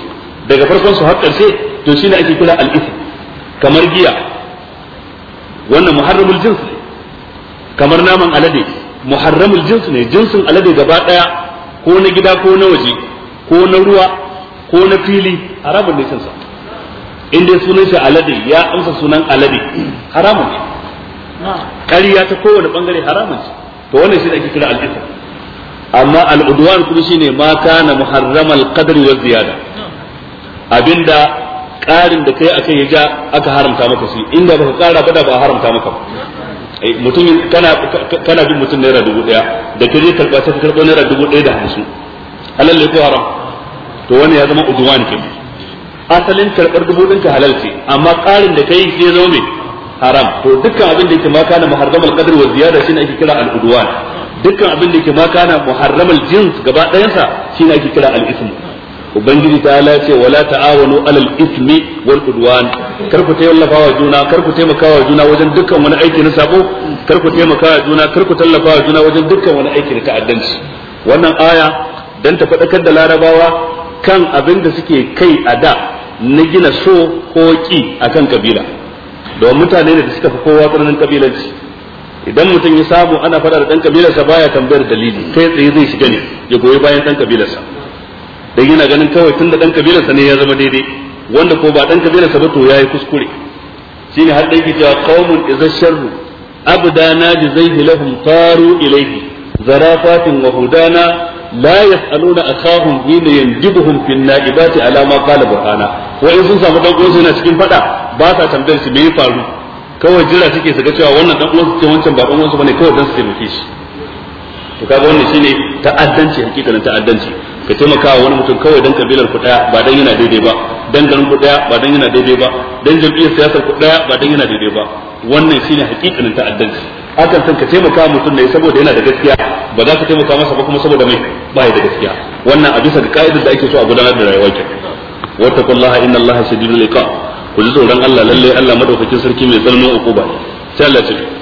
daga farkon su har ƙarshe to shine ake kula al-ithm kamar giya wannan muharramul jins ne kamar naman alade muharramul jins ne jinsin alade gaba daya ko na gida ko na waje ko na ruwa ko na fili haramun ne kansa in dai sunan shi alade ya amsa sunan alade haramun ne ƙarya ta kowane bangare haramun ce to wannan shi da ake kira al'ism amma al'udwan kuma shine ma kana muharramal qadri wa ziyada abinda ƙarin da kai akai ya ja aka haramta maka shi inda baka ƙara ba da ba haramta maka ba eh, mutum kana kana bin mutum naira dubu ɗaya, da ke je karɓa ta karɓo naira dubu ɗaya da hamsin halal ko haram to wani ya zama udwan kenan asalin karɓar dubu ɗinka halal ce amma ƙarin da kai sai zo mai haram to dukkan abin da yake ma kana muharramal qadr wa ziyada shine ake kira al udwan dukkan abin da yake ma kana muharramal jins gaba ɗayansa shine ake kira al ism ubangiji ta ala ce wala ta'awanu alal ismi wal udwan kar ku tallafa juna kar ku taimakawa juna wajen dukkan wani aiki na sabo kar ku taimakawa juna kar ku tallafawa juna wajen dukkan wani aiki na ta'addanci wannan aya dan ta faɗakar da larabawa kan abin da suke kai a da na gina so ko ki kan kabila domin mutane da suka fi kowa tsananin kabilanci idan mutum ya samu ana faɗa da ɗan kabilarsa baya tambayar dalili kai tsaye zai shiga ne ya goyi bayan ɗan kabilarsa dan yana ganin kawai tun da ɗan kabilarsa ne ya zama daidai wanda ko ba ɗan kabilarsa ba to ya yi kuskure shine har dai cewa qaumun Abu sharru na bi zai hilafin faru ilaihi zarafatin wa hudana la yas'aluna akhahum hina yanjibuhum fin na'ibati ala ma qala burhana wa in sun samu dan yana cikin fada ba sa tambayar su me ya faru kawai jira suke su ga cewa wannan dan uwansu ce wancan ba dan uwansu bane kawai dan su taimake shi to kaga wannan shine ta'addanci hakikanin ta'addanci ka taimaka wa wani mutum kawai dan kabilar ku daya ba dan yana daidai ba dan garin ku daya ba dan yana daidai ba dan jam'iyyar siyasar ku daya ba dan yana daidai ba wannan shine hakikanin ta'addanci akan san ka taimaka mutum ne saboda yana da gaskiya ba za ka taimaka masa ba kuma saboda mai ba da gaskiya wannan a bisa ga ka'idar da ake so a gudanar da rayuwa ke wattaqullaha inna allaha shadidul iqab ku ji tsoron Allah lalle Allah madaukakin sarki mai tsananin ukuba sai Allah ya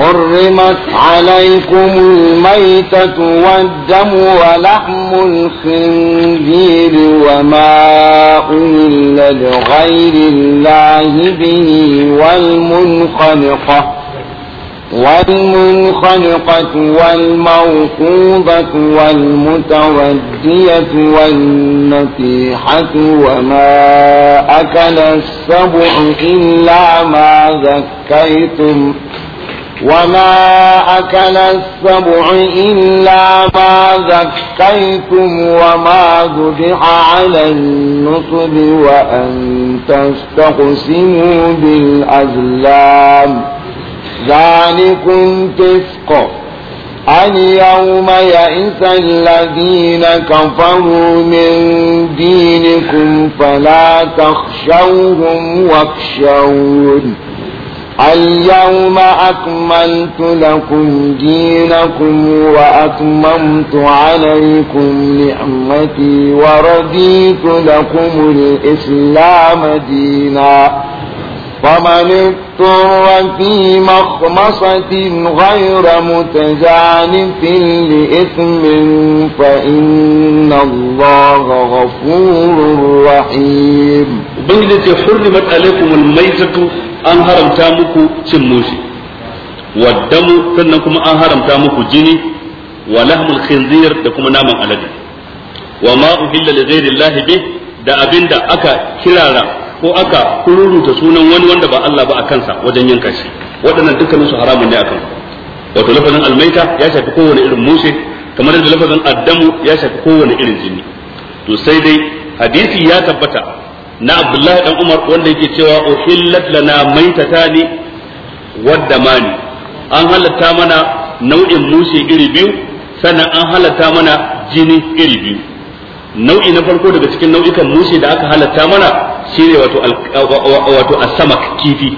حرمت عليكم الميتة والدم ولحم الخنزير وما أهل لغير الله به والمنخنقة والمنخلقة والموقوبة والمتودية والنتيحة وما أكل السبع إلا ما ذكيتم وما أكل السبع إلا ما ذكيتم وما ذبح على النصب وأن تستقسموا بالأزلام ذلكم فسق اليوم يئس الذين كفروا من دينكم فلا تخشوهم واخشون اليوم أكملت لكم دينكم وأتممت عليكم نعمتي ورضيت لكم الإسلام ديناً فمن اضطر في مخمصة غير متجانف لإثم فإن الله غفور رحيم بنجد حرمت عليكم الميتة أن هرمتا مكو تموشي والدم سنكم أن هرمتا مكو جني ولحم الخنزير لكم ناما ألدي وما أهل لغير الله به da abin da aka kirara ko aka kururuta sunan wani wanda ba Allah ba a kansa wajen yanka shi waɗannan dukkanin su haramun ne akan wato lafazin almaita ya shafi kowane irin mushe kamar yadda lafazin addamu ya shafi kowane irin jini to sai dai hadisi ya tabbata na Abdullahi dan Umar wanda yake cewa uhillat lana maitatani wadda mani an halatta mana nau'in mushe iri biyu sannan an halatta mana jini iri biyu nau'i na farko daga cikin nau'ikan mushe da aka halatta mana shine wato wato asamak kifi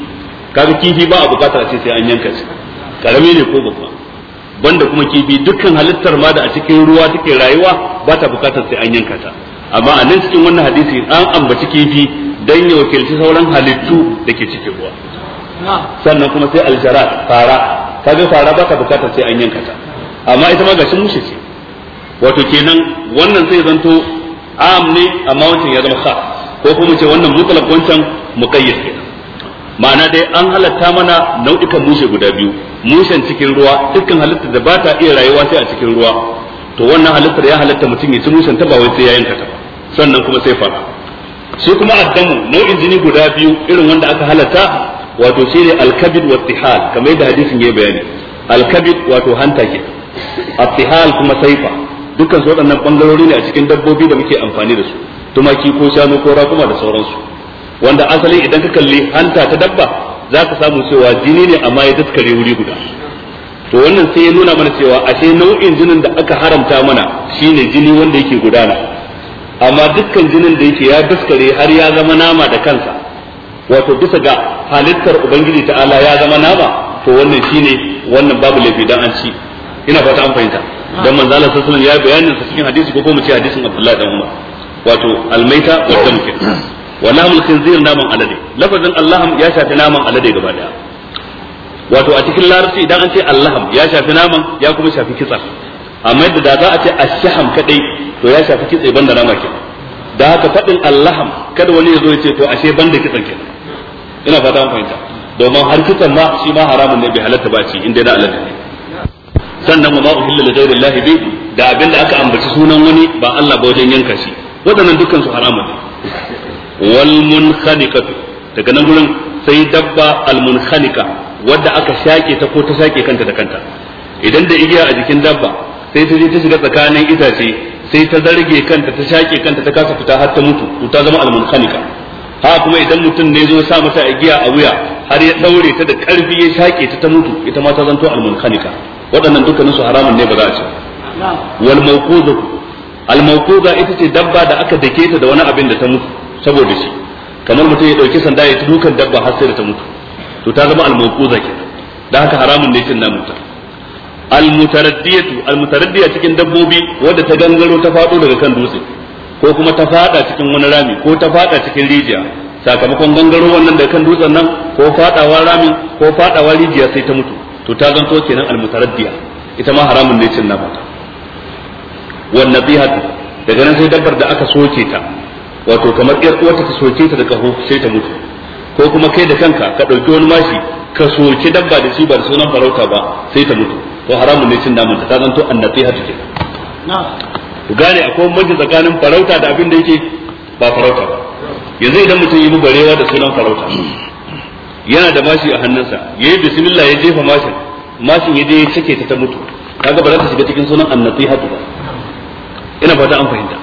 kaga kifi ba a bukatar a ce sai an yanka shi karami ne ko babba banda kuma kifi dukkan halittar ma da a cikin ruwa take rayuwa ba ta bukatar sai an yanka ta amma a nan cikin wannan hadisi an ambaci kifi dan ya wakilci sauran halittu da ke cikin ruwa sannan kuma sai aljara fara kaga fara ba ta bukatar sai an yanka ta amma ita ma gashin mushe ce wato kenan wannan sai zanto am ne amma wancan ya zama sa ko kuma ce wannan mutalab wancan muqayyad kenan ma'ana dai an halatta mana nau'ikan mushe guda biyu mushen cikin ruwa dukkan halitta da ba ta iya rayuwa sai a cikin ruwa to wannan halittar ya halatta mutum ya ci mushen ta ba wai sai ya yanka ta sannan kuma sai fara shi kuma addamu nau'in jini guda biyu irin wanda aka halatta wato ne al-kabid wa tihal kamar yadda hadisin ya bayani al-kabid wato hanta ke at kuma saifa dukkan su waɗannan bangarori ne a cikin dabbobi da muke amfani da su tumaki ko shanu ko rakuma da sauransu wanda asali idan ka kalli hanta ta dabba za ka samu cewa jini ne amma ya daskare wuri guda to wannan sai ya nuna mana cewa ashe nau'in jinin da aka haramta mana shine jini wanda yake gudana amma dukkan jinin da yake ya daskare har ya zama nama da kansa wato bisa ga halittar ubangiji ta'ala ya zama nama to wannan shine wannan babu laifi dan an ci ina fata an fahimta dan manzo Allah sallallahu alaihi wasallam ya bayanin sa cikin hadisi ko kuma ce hadisin Abdullah dan Umar wato almaita wa tamkin wa lahmul khinzir naman alade lafazin Allah ya shafi naman alade gaba daya wato a cikin larabci idan an ce allaham ya shafi naman ya kuma shafi kitsa amma yadda da za a ce ashaham kadai to ya shafi kitse banda nama kenan da haka fadin allaham kada wani ya zo ya ce to ashe banda kitsan kenan ina fata an fahimta domin har kitsan ma shi ma haramun ne bai halatta ba ci inda na alade ne sannan ma uhilla li ghairi Allah bi da abin da aka ambaci sunan wani ba Allah ba wajen yanka shi waɗannan dukkan su haramun wal munkhaniqatu daga nan gurin sai dabba al munkhaniqa wadda aka shake ta ko ta shake kanta da kanta idan da igiya a jikin dabba sai ta je ta shiga tsakanin itace sai ta zarge kanta ta shake kanta ta kasa fita har ta mutu to ta zama al munkhaniqa ha kuma idan mutum ne zo sa mata igiya a wuya har ya daure ta da karfi ya shake ta ta mutu ita ma ta zanto al munkhaniqa waɗannan dukkanin su haramun ne ba za a ci wal mawquza al mawquza ita ce dabba da aka dake ta da wani abin da ta mutu saboda shi kamar mutum ya dauki sanda ya dukan dabba har sai da ta mutu to ta zama al mawquza kenan da haka haramun ne cin namun ta al mutaraddiyatu al mutaraddiya cikin dabbobi wadda ta gangaro ta fado daga kan dutse ko kuma ta fada cikin wani rami ko ta fada cikin rijiya sakamakon gangaro wannan da kan dutsen nan ko fadawa rami ko fadawa rijiya sai ta mutu to ta zanto kenan almutaraddiya ita ma haramun ne cin nama wan nadihatu daga nan sai dabbar da aka soke ta wato kamar yar uwarta ta soke ta daga hofu sai ta mutu ko kuma kai da kanka ka dauki wani mashi ka soke dabba da shi ba da sunan farauta ba sai ta mutu to haramun ne cin nama ta zanto zanto annasihatu kenan ku gane akwai mutum tsakanin farauta da abin da yake ba farauta ba yanzu idan mutum yi barewa da sunan farauta yana da mashi a hannunsa yayi bismillah ya jefa mashin mashin ya je ya cike ta ta mutu kaga ba za ta shiga cikin sunan annasihatu ba ina fata an fahimta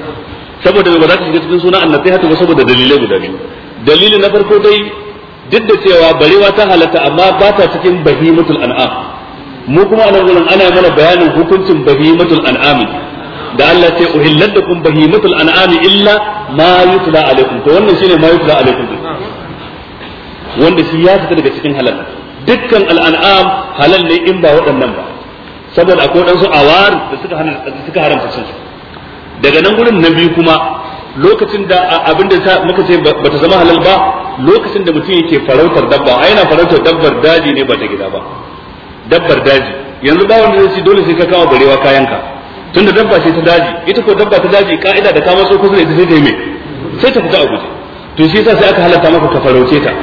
saboda ba za ta shiga cikin sunan annasihatu ba saboda dalilai guda biyu dalili na farko dai duk da cewa barewa ta halatta amma ba ta cikin bahimatul an'am mu kuma a nan ana mana bayanin hukuncin bahimatul an'am da Allah ce uhillat da kun bahimatul an'am illa ma yutla alaikum to wannan shine ma yutla alaikum wanda shi ya fita daga cikin halal dukkan al'an'am halal ne in ba waɗannan ba saboda akwai waɗansu awar da suka haramta cin su daga nan gurin na biyu kuma lokacin da abin da muka ce bata zama halal ba lokacin da mutum yake farautar dabba a yana farautar dabbar daji ne ba ta gida ba dabbar daji yanzu ba wanda zai ci dole sai ka kawo barewa kayanka da dabba ce ta daji ita ko dabba ta daji ka'ida da ka matso kusa da ita sai ta yi mai sai ta fita a guje to shi yasa sai aka halatta maka ka farauce ta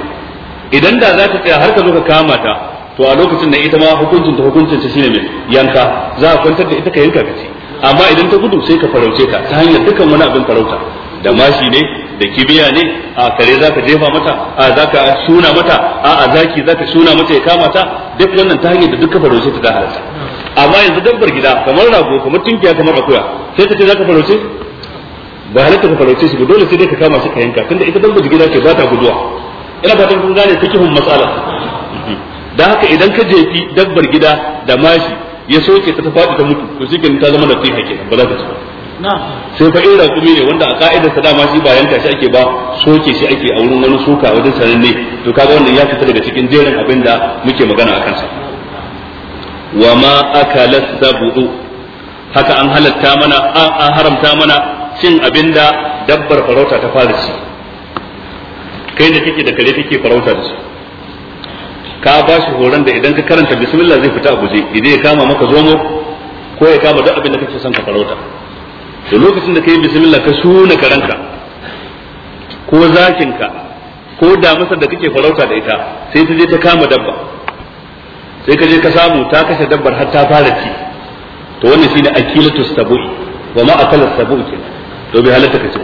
idan da za ta tsaya har ka zo ka kama ta to a lokacin da ita ma hukuncin ta hukuncin ta shine mai yanka za a kwantar da ita ka yanka ka ce amma idan ta gudu sai ka farauce ka ta hanyar dukkan wani abin farauta da mashi ne da kibiya ne a kare za ka jefa mata a za ka suna mata a a zaki za ka suna mata ya kama ta duk wannan ta hanyar da dukkan farauce ta halarta amma yanzu dabbar gida kamar rago kamar tunkiya kamar akuya sai ka ce za ka farauce ba halitta ka farauce shi dole sai dai ka kama shi ka yanka tunda ita dabbar gida ce ba ta guduwa ina fatan kun gane fikihun matsala dan haka idan ka jefi dabbar gida da mashi ya soke ta faɗi ta mutu to shi ta zama nasiha hake ba za ta ci sai fa ira kuma ne wanda a ka'idar sa dama shi ba yanka shi ake ba soke shi ake a wurin wani soka wajen sananne to kaga wannan ya fita daga cikin jerin abin da muke magana a kansa wa ma akalat zabudu haka an halatta mana an haramta mana cin abinda dabbar farauta ta fara ci kai da kake da kare kake farauta da su ka ba shi horon da idan ka karanta bismillah zai fita a guje idan ya kama maka zomo ko ya kama duk abin da kake son ka farauta da lokacin da kai bismillah ka suna karanka ko zakin ka ko damisar da kake farauta da ita sai ta je ta kama dabba sai ka je ka samu ta kashe dabbar har ta fara ci to wannan shine akilatu sabu'i wa ma akala sabu'i kenan to bi halatta ka ci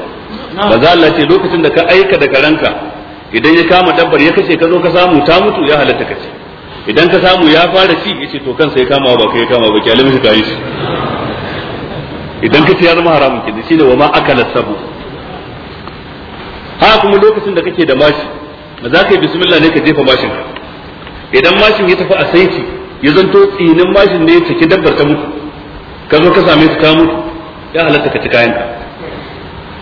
ba za Allah ce lokacin da ka aika da karanka idan ya kama dabbar ya kashe ka zo ka samu ta mutu ya halatta ka idan ka samu ya fara ci yace to kansa ya kama ba kai ya kama ba kyalin ka yi shi idan ka ya zama haramun ki shi ne wa ma akala sabu ha kuma lokacin da kake da mashi za ka yi bismillah ne ka jefa mashin idan mashin ya tafi a saiti ya zanto tsinin mashin ne ya ciki dabbar ta mutu ka zo ka same su mutu ya halatta ka ci kayan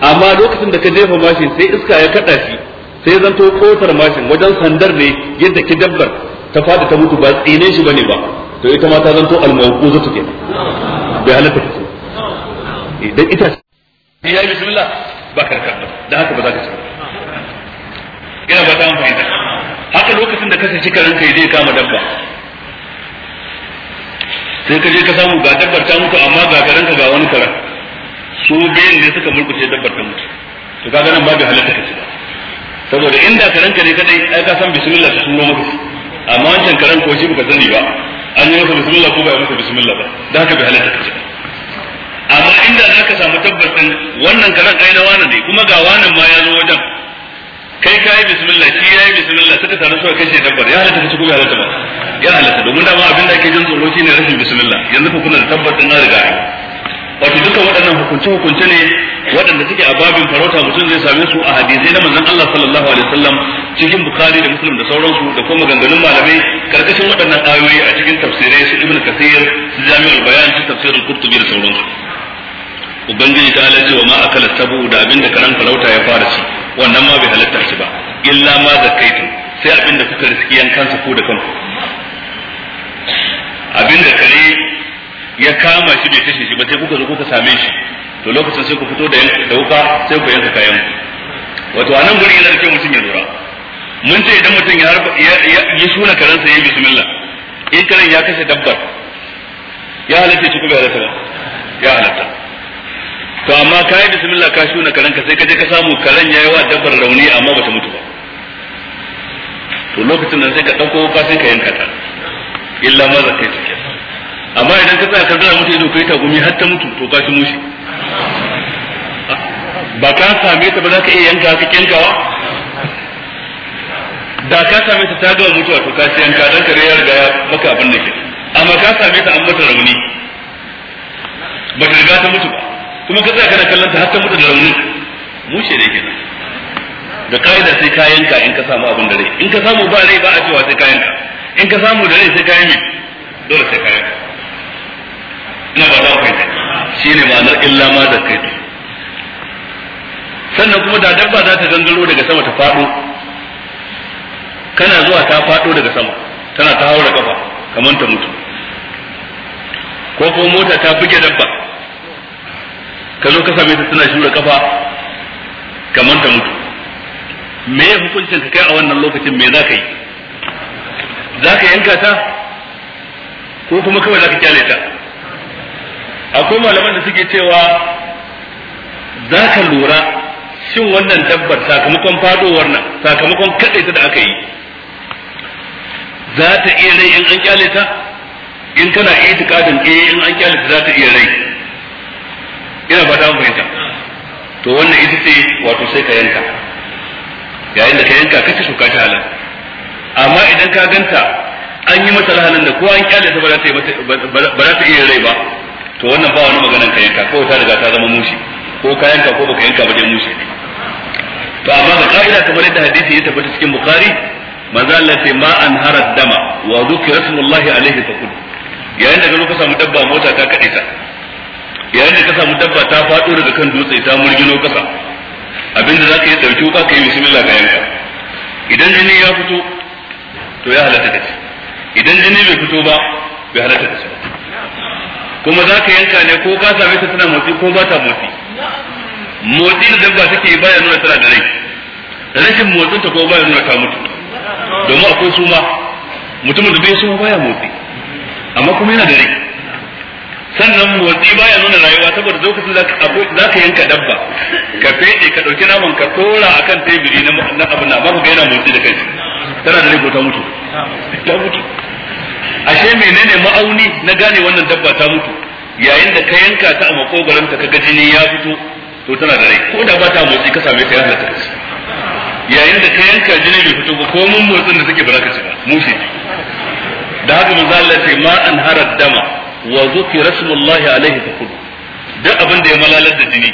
amma lokacin da ka jefa mashin sai iska ya kada shi sai zan to kotar mashin wajen sandar ne yadda ki dabbar ta fada ta mutu ba tsine shi bane ba to ita ma ta zanto za ta kenan bai halatta ta idan eh, ita eh, ya bismillah ba karkar da haka ba za ka ci ina ba ta an fahimta haka lokacin da kasa shi karanka ya je kama dabba sai ka je ka samu ga dabbar ta mutu amma ga karanka ga wani karan su bayan ne suka mulkuce dabbar ta mutu to kaga nan ba bai halatta ka ci ba saboda inda karan ka ne kadai ai ka san bismillah ta suno muku amma wancan karan ko shi baka sani ba an yi masa bismillah ko ba masa bismillah ba da haka bai halatta ce. amma inda za ka samu tabbas din wannan karan ai na wani ne kuma ga wanan ma ya zo wajen kai ka yi bismillah shi ya yi bismillah suka taru suka kashe dabbar ya halatta ce ko bai halatta ba ya halatta domin dama abin da ake jin tsoro ne rashin bismillah yanzu ku kuna da tabbas din na riga wato dukkan waɗannan hukunce hukunce ne waɗanda suke a babin farauta mutum zai same su a hadisai na manzon Allah sallallahu alaihi wasallam cikin bukhari da muslim da sauransu da kuma maganganun malamai karkashin waɗannan ayoyi a cikin tafsirai su Ibn kasir su jami'ul bayan su tafsirul qurtubi da sauransu ubangiji ta alaji wa ma akala tabu da abinda karan farauta ya fara ci wannan ma bai halatta shi ba illa ma zakaitu sai abinda kuka riski kansa ko da kanku abinda kare ya kama shi bai kashe shi ba sai kuka zo kuka same shi to lokacin sai ku fito da da wuka sai ku yanka kayan wato anan guri yana da kyau mutum ya lura mun ce idan mutum ya yi suna karansa ya yi bismillah in karen ya kashe dabbar ya halatta ci kuma ya halatta ya halatta to amma ka yi bismillah ka shuna karen ka sai ka je ka samu karen ya yi wa dabbar rauni amma ba ta mutu ba to lokacin nan sai ka ɗauko wuka sai ka yanka ta illa ma za ka yi amma idan ka tsaya ka zara mutu ido ka yi tagumi har ta mutu to ka shi mushi ba ka same ta ba za ka iya yanka ka kyankawa da ka same ta ta gama mutuwa to ka siyan ka dan kare ya riga maka abin da ke amma ka same ta an mata rauni ba ta riga ta mutu ba kuma ka tsaya kana kallon ta har ta mutu da rauni mushe ne kenan da kaida sai ka yanka in ka samu abin da rai in ka samu ba rai ba a cewa sai ka yanka in ka samu da rai sai ka yanka dole sai ka yanka na ba za ku yi ne ma'anar illa ma da kai sannan kuma da dabba za ta gangaro daga sama ta faɗo kana zuwa ta faɗo daga sama tana ta haura kafa kamar ta mutu ko ko mota ta buge dabba ka zo ka same ta tana shura kafa kamar ta mutu me ya hukuncin ka kai a wannan lokacin me za ka yi za ka yanka ta ko kuma kawai za ka kyale ta akwai malaman da suke cewa za ka lura shin wannan dabbar sakamakon fadowar nan sakamakon kaɗaita da aka yi za ta iya rai in an kyale ta in kana itikadin eh in an kyale ta za ta iya rai ina fata an fahimta to wannan ita ce wato sai ka yanka yayin da ka yanka ka ci shuka ta halin amma idan ka ganta an yi masa lahanin da ko an kyale ta ba za ta iya rai ba to wannan ba wani maganan ka yanka ko ta riga ta zama mushi ko ka yanka ko baka yanka ba dai mushi to amma ga ka'ida kamar yadda hadisi ya tabbata cikin bukhari manzo Allah ce ma an harad dama wa dhukira smullahi alaihi fakul yayin da ka zo ka samu dabba mota ta kade ta yayin da ka samu dabba ta fado daga kan dutse ta murgino kasa abinda zaka yi dauki wuka kai bismillah ka yanka idan jini ya fito to ya halatta kace idan jini bai fito ba bai halatta kace kuma za ka yanka ne ko ba same mai tana motsi ko ba ta motsi motsi da dabba take baya nuna tana da rai rashin ta ko baya nuna ta mutu domin akwai suma mutumin da bai suma baya motsi amma kuma yana da rai sannan motsi baya nuna rayuwa saboda lokacin za ka yanka dabba ka fede ka dauki naman ka tora akan tebiri na abin na ba ka ga yana motsi da kai tana da rai ko ta mutu ta mutu ashe menene ma'auni na gane wannan dabba ta mutu yayin da ka yanka ta a makogaran ta kaga jini ya fito to tana da rai ko da ba ta motsi ka same ta yana ta kaci yayin da ka yanka jini bai fito ba ko mun motsin da take baraka ci ba mushi da haka manzo Allah ce ma an dama wa zukira smullahi alaihi fakulu duk abin da ya malalar da jini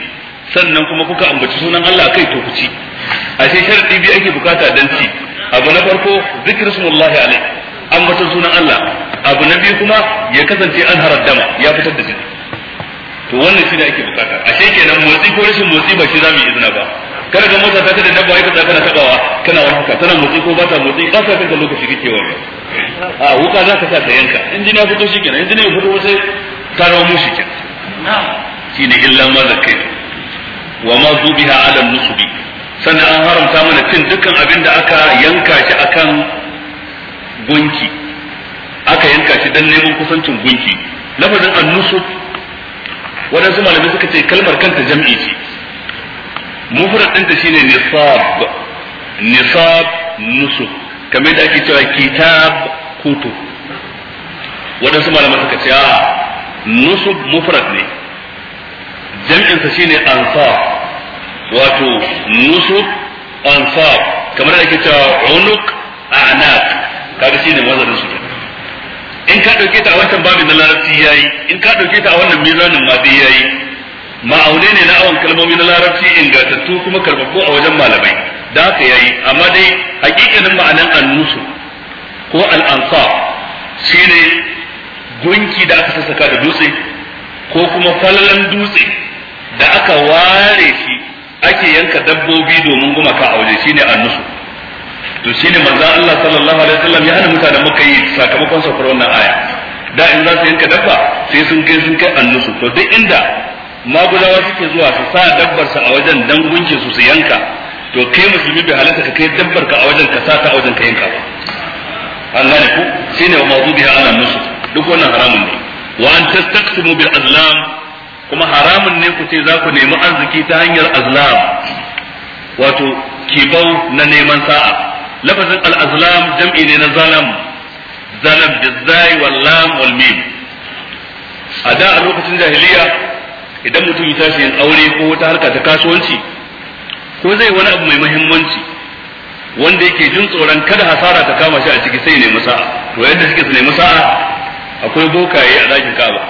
sannan kuma kuka ambaci sunan Allah kai to kuci ashe sharadi bi ake bukata dan ci abu na farko zikir smullahi alaihi ambaton sunan Allah abu na biyu kuma ya kasance an haraddama ya fitar da jini to wannan shi ne ake bukata ashe kenan motsi ko rashin motsi ba shi zamu yi izina ba kada ga mota ta da dabba ai kaza kana tabawa kana wani haka tana motsi ko ba ta motsi ka sa kanka lokaci kike wani a wuka za ka sa ta yanka injina fito shi kenan injina ya fito sai ta rawo mushi kenan shi ne illa ma zakaitu wa ma zubiha ala nusbi sannan an haramta mana cin dukkan abin da aka yanka shi akan gunki aka yanka shi dan neman kusancin gunki lafazin annusuk waɗansu malamai suka ce kalmar kanta jam'i ce mufrad ɗinta shine nisab nisab nusu kamar da ake cewa kitab kutu waɗansu malamai suka ce a nusu mufrad ne jam'insa shine ansab wato nusu ansab kamar da ake cewa unuk a'naq kaga shine mazarin su in ka dauke ta a wancan babin na larabci yayi in ka dauke ta a wannan mizanin ma dai yayi ma'aune ne na awon kalmomi na larabci ingantattu kuma karbabbu a wajen malamai da haka yayi amma dai hakikanin ma'anan annusu ko al-ansar shine gunki da aka sassaka da dutse ko kuma falalan dutse da aka ware shi ake yanka dabbobi domin gumaka a waje shine annusu to ne manzan Allah sallallahu alaihi wasallam ya hana mutanen muka yi sakamakon saukar wannan aya da in za su yanka dabba sai sun kai sun kai annusu to duk inda magudawa suke zuwa su sa dabbar sa a wajen dan gunke su su yanka to kai musulmi bai halatta ka kai dabbar ka a wajen ka sa ta a wajen ka yanka ba an gane ku shine wa ya ana nusu duk wannan haramun ne wa an tastaqsimu bil azlam kuma haramun ne ku ce za ku nemi arziki ta hanyar azlam wato kibau na neman sa'a lafazin al jam'i ne na zalam zalam bizai lam wal a da a lokacin jahiliya idan mutum ya tashi yin aure ko wata harka ta kasuwanci ko zai wani abu mai muhimmanci wanda yake jin tsoron kada hasara ta kama shi a ciki sai ne masa to yadda suke su ne masa akwai bokaye a dakin kaba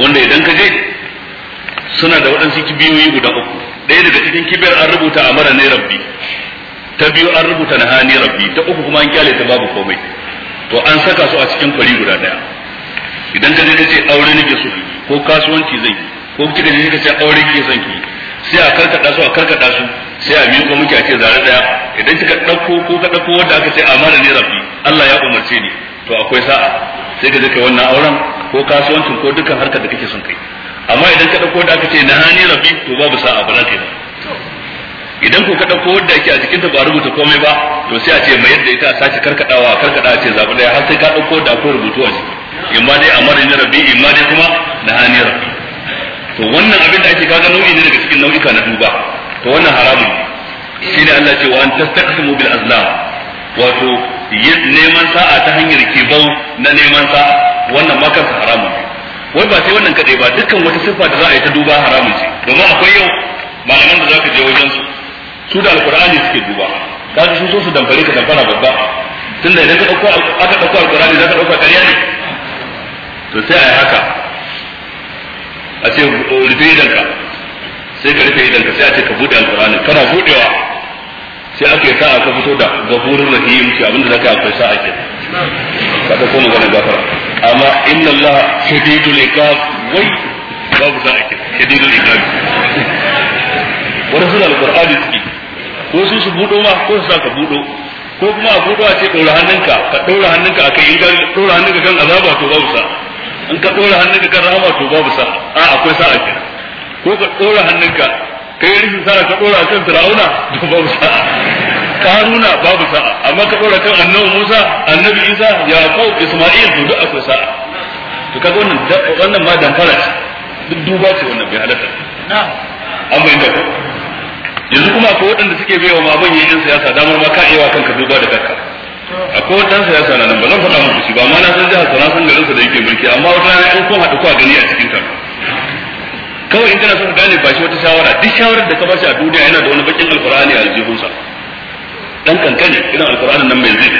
wanda idan ka je suna da waɗansu kibiyoyi guda uku ɗaya daga cikin kibiyar an rubuta a mara ne rabbi ta biyu an rubuta na hani rabbi ta uku kuma an kyale ta babu komai to an saka su a cikin fari guda daya idan ka je ka ce aure nake so ko kasuwanci zai ko kika je ka ce aure ke son ki sai a karkada su a karkada su sai a miƙo miki a ce zare daya idan kika dauko ko ka dauko wanda aka ce amana ne rabbi Allah ya umarce ni to akwai sa'a sai ka je kai wannan auren ko kasuwancin ko dukkan harkar da kake son kai amma idan ka dauko da aka ce na hani rabbi to babu sa'a ba za ka yi idan ko ka dauko wanda yake a jikinta ba rubuta komai ba to sai a ce mai yadda ita a sace karkadawa karkada ce zabi daya har sai ka dauko da ko rubutu a jiki imma dai amara ni rabbi imma dai kuma na hani rabbi to wannan abin da ake kaga nau'i ne daga cikin nau'ika na duba to wannan haramun shi ne Allah ce wa an tastaqimu bil azlam wato neman sa'a ta hanyar kibau na neman sa'a wannan ma kansa haramun wai ba sai wannan kadai ba dukkan wata siffa da za a yi ta duba haramun ce domin akwai yau malaman da ka je wajen su su da alkur'ani suke duba ka ji so su damfare ka damfara babba tunda idan ka dauko aka dauko alkur'ani za ka dauka ƙarya ne to sai a yi haka a ce rufe idanka sai ka rufe idanka sai a ce ka bude alkur'ani kana budewa sai aka yi sa'a ka fito da gafurin rahim ce abinda ka yi akwai sa'a ke ka ta koma wani gafara amma inna Allah shadidul iqab wai babu sa'a ke shadidul iqab wani sura alqur'ani suke ko sun su budo ma ko su sa ka budo ko kuma a budo a ce ɗora hannunka ka ɗora hannunka a kai in ka ɗora hannunka kan azaba to babu sa in ka ɗora hannunka kan rahama to babu sa a akwai sa'a kenan ko ka ɗora hannunka ka yi rikin sa'a ka ɗora kan fir'auna (laughs) to babu Ka karuna babu sa amma ka ɗora kan annabi musa annabi isa yaqub isma'il to duk akwai sa'a to Ka ga wannan ma damfara ce duk duba ce wannan bai halatta an bayyana yanzu kuma akwai waɗanda suke bai wa maman yayin siyasa damar ma ka iya kanka duba da kanka akwai waɗannan siyasa na nan ba zan faɗa muku shi ba ma na san jihar sana san garin sa da yake mulki amma wata rana in kun haɗu ku a gani a cikin ta kawai in kana son gane ba shi wata shawara duk shawarar da ka ba shi a duniya yana da wani bakin alkur'ani a sa dan kankane irin alkur'anin nan mai zai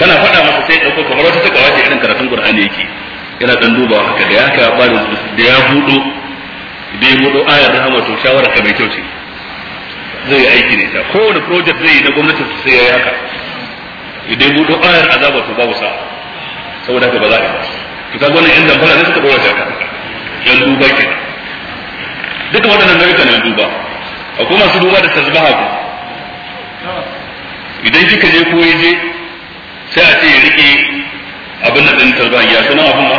kana faɗa masa sai ɗauko kamar wata ta ce irin karatun qur'ani yake yana dan dubawa haka da ya ka ba da ya hudu da ya hudu ayar rahama to shawara ka mai kyau ce zai yi aiki da ta kowane project zai yi na gwamnati sai ya yi haka idan buɗe ayar azaba to babu sa saboda haka ba za a yi ba ki kaga wannan inda zamfara ne suka dora shaka yan duba ke duka waɗannan nau'ika ne duba akwai masu duba da tasbaha ku idan kika je ko je sai a ce ya rike abin da din tasbaha ya sanan abin ma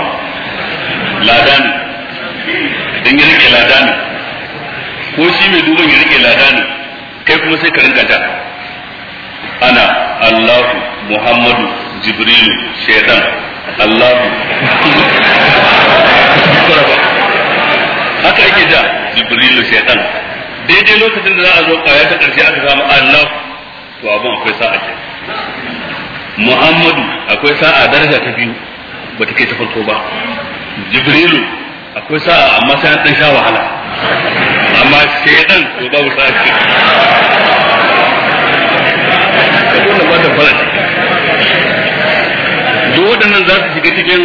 lada ne idan ya rike lada ne ko shi mai duban ya rike lada ne kai kuma sai ka rinka da ana Allahu Muhammadu Jibrilu shaitan Allahu haka ake da Jibrilu shaitan daidai lokacin da za a zo kwaya ta ƙarshe aka samu Allah to abin akwai sa'a ke Muhammadu akwai sa'a daraja ta biyu ba ta kai ta farko ba Jibrilu akwai sa amma sai an sha wahala amma shedan to babu sa ce ka dole ba ta fara duk waɗannan za su shiga cikin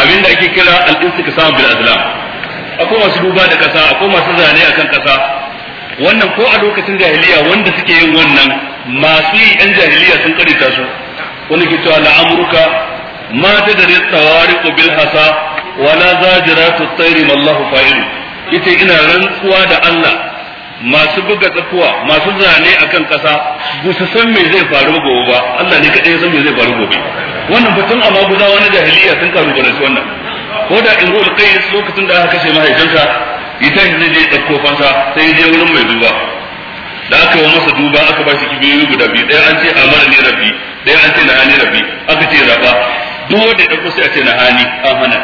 abinda ake kira al-istiqsam bil azlam akwai masu duba da kasa akwai masu zane akan kasa wannan ko a lokacin jahiliya wanda suke yin wannan masu yi yan jahiliya sun karita su wani ke cewa la'amurka ma ta da tsawariku ko hasa wala zajiratu tsairi mallahu fa'ilu ita ina rantsuwa da Allah masu buga tsakuwa masu zane akan kasa ba su san me zai faru gobe ba Allah ne kadai san me zai faru gobe wannan batun amma guda na jahiliya sun karu ba wannan ko da in zuwa kai lokacin da aka kashe mahaifinsa ita ne zai je fansa sai ya je wurin mai duba da aka yi masa duba aka ba shi kibiyoyi guda biyu ɗaya an ce amara ne rabi ɗaya an ce na hani rabi aka ce raba duk wanda ya dauko sai a ce na hani an hana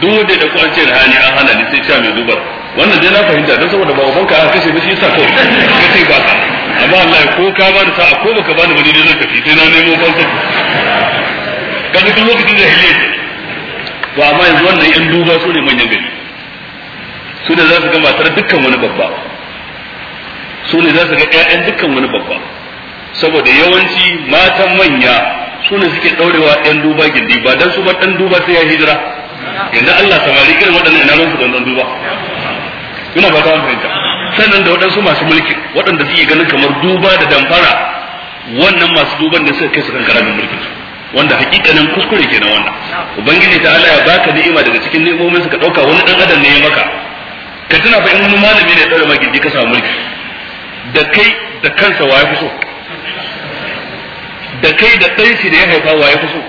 duk wanda da kuwan ce hani an hana ni sai sha mai zubar. wannan dai na fahimta don saboda ba ubanka a kashe ba shi sa kawai ka sai ba ka amma Allah ko ka ba da sa'a ko ba ka ba ni wani zan tafi sai na nemo ku. kaga duk lokacin da hiliya ba amma yanzu wannan yan duba su ne manyan gari su ne za su gama tare dukkan wani babba su ne za su ga ƴaƴan dukkan wani babba saboda yawanci matan manya su ne suke ɗaurewa ɗan duba gindi ba dan su ba ɗan duba sai ya hijira yanzu Allah samari irin waɗannan ina ruwansu da duba ina ba ta fahimta sannan da waɗansu masu mulki waɗanda suke ganin kamar duba da damfara wannan masu duban da suka kai su kankara da mulkin wanda hakikanin kuskure kenan wannan ubangiji ta Allah ya baka ni'ima daga cikin ni'imomin ka dauka wani dan adam ne ya maka ka tuna fa in wani malami ne ya tsare maka ka samu mulki da kai da kansa waye fi so da kai da ɗan shi da ya haifa waye fi so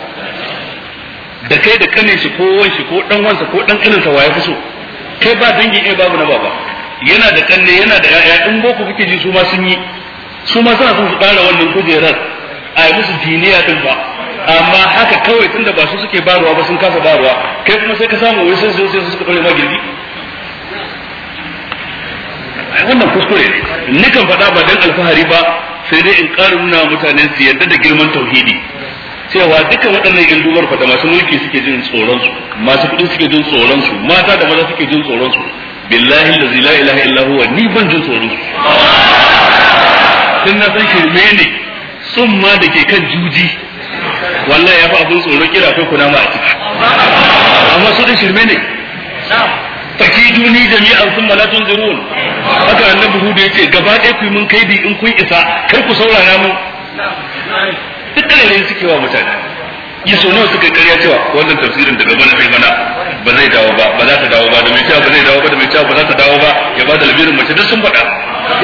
da kai da kanin shi ko wan shi ko dan wansa ko dan kanin sa waye so? kai ba dangi eh babu na baba yana da kanne yana da yaya in boko kake ji su ma sun yi su ma suna son su ƙara wannan kujerar a yi musu diniya din ba amma haka kawai tunda ba su suke barwa ba sun kasa barwa kai kuma sai ka samu wai sai sai suka kare ma girbi wannan kuskure ne nikan faɗa ba dan alfahari ba sai dai in ƙara nuna mutane su yadda da girman tauhidi cewa duka waɗannan yan dubar fata masu mulki suke jin tsoron su masu kuɗi suke jin tsoron su mata da maza suke jin tsoron su billahi allazi la ilaha illa huwa ni ban jin tsoron su sun na san shirme ne sun ma da ke kan juji wallahi ya fi abin tsoro kira kai kuna ma a ciki amma su da shirme ne fakiduni jami'an sun malatun zirun haka annabi hudu ya ce gaba ɗaya ku mun kaidi in kun isa kar ku saurara mu duk kalalai suke wa mutane yi so nawa suka karya cewa wannan tafsirin daga bana sai mana ba zai dawo ba ba za ta dawo ba da mai cewa ba zai dawo ba da mai cewa ba za ta dawo ba ya ba da labirin mace duk sun faɗa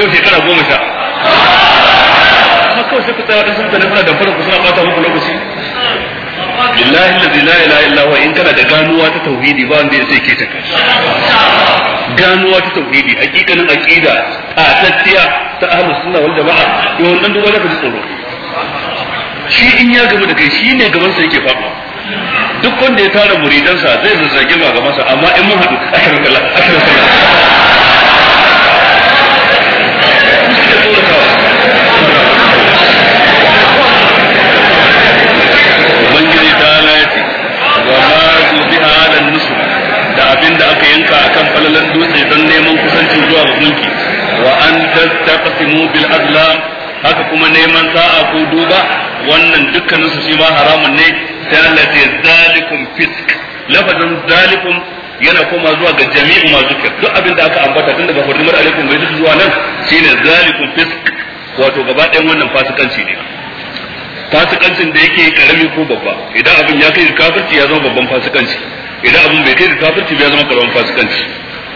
yau shekara goma sha kawai sai ku tsaya da sun tana da fara ku suna ɓata muku lokaci billahi allazi la ilaha illa in kana da ganuwa ta tauhidi ba wanda zai ke ta ganuwa ta tauhidi hakikanin aqida a tattiya ta ahlus sunna wal jamaa yau dan duba da ka ji tsoro shi in ya gamu da kai shi ne gaban sa yake faɗo duk wanda ya tara muridansa zai zazzage ma ga masa amma in mun haɗu a a Ubangiji ta lati wa ma nusu da abin da aka yanka akan falalan dutse don neman kusanci zuwa ga mulki wa an tastaqsimu bil azlam haka kuma neman sa'a ko duba wannan dukkanin su shi ma haramun ne sai Allah ya ce zalikum fisk lafazin zalikum yana koma zuwa ga jami'u ma zikir duk abin da aka ambata tun daga hurmar alaikum bai duk zuwa nan shine zalikum fisk wato gaba ɗayan wannan fasikanci ne fasikancin da yake karami ko babba idan abin ya kai kafirci ya zama babban fasikanci idan abin bai kai kafirci ya zama karamin fasikanci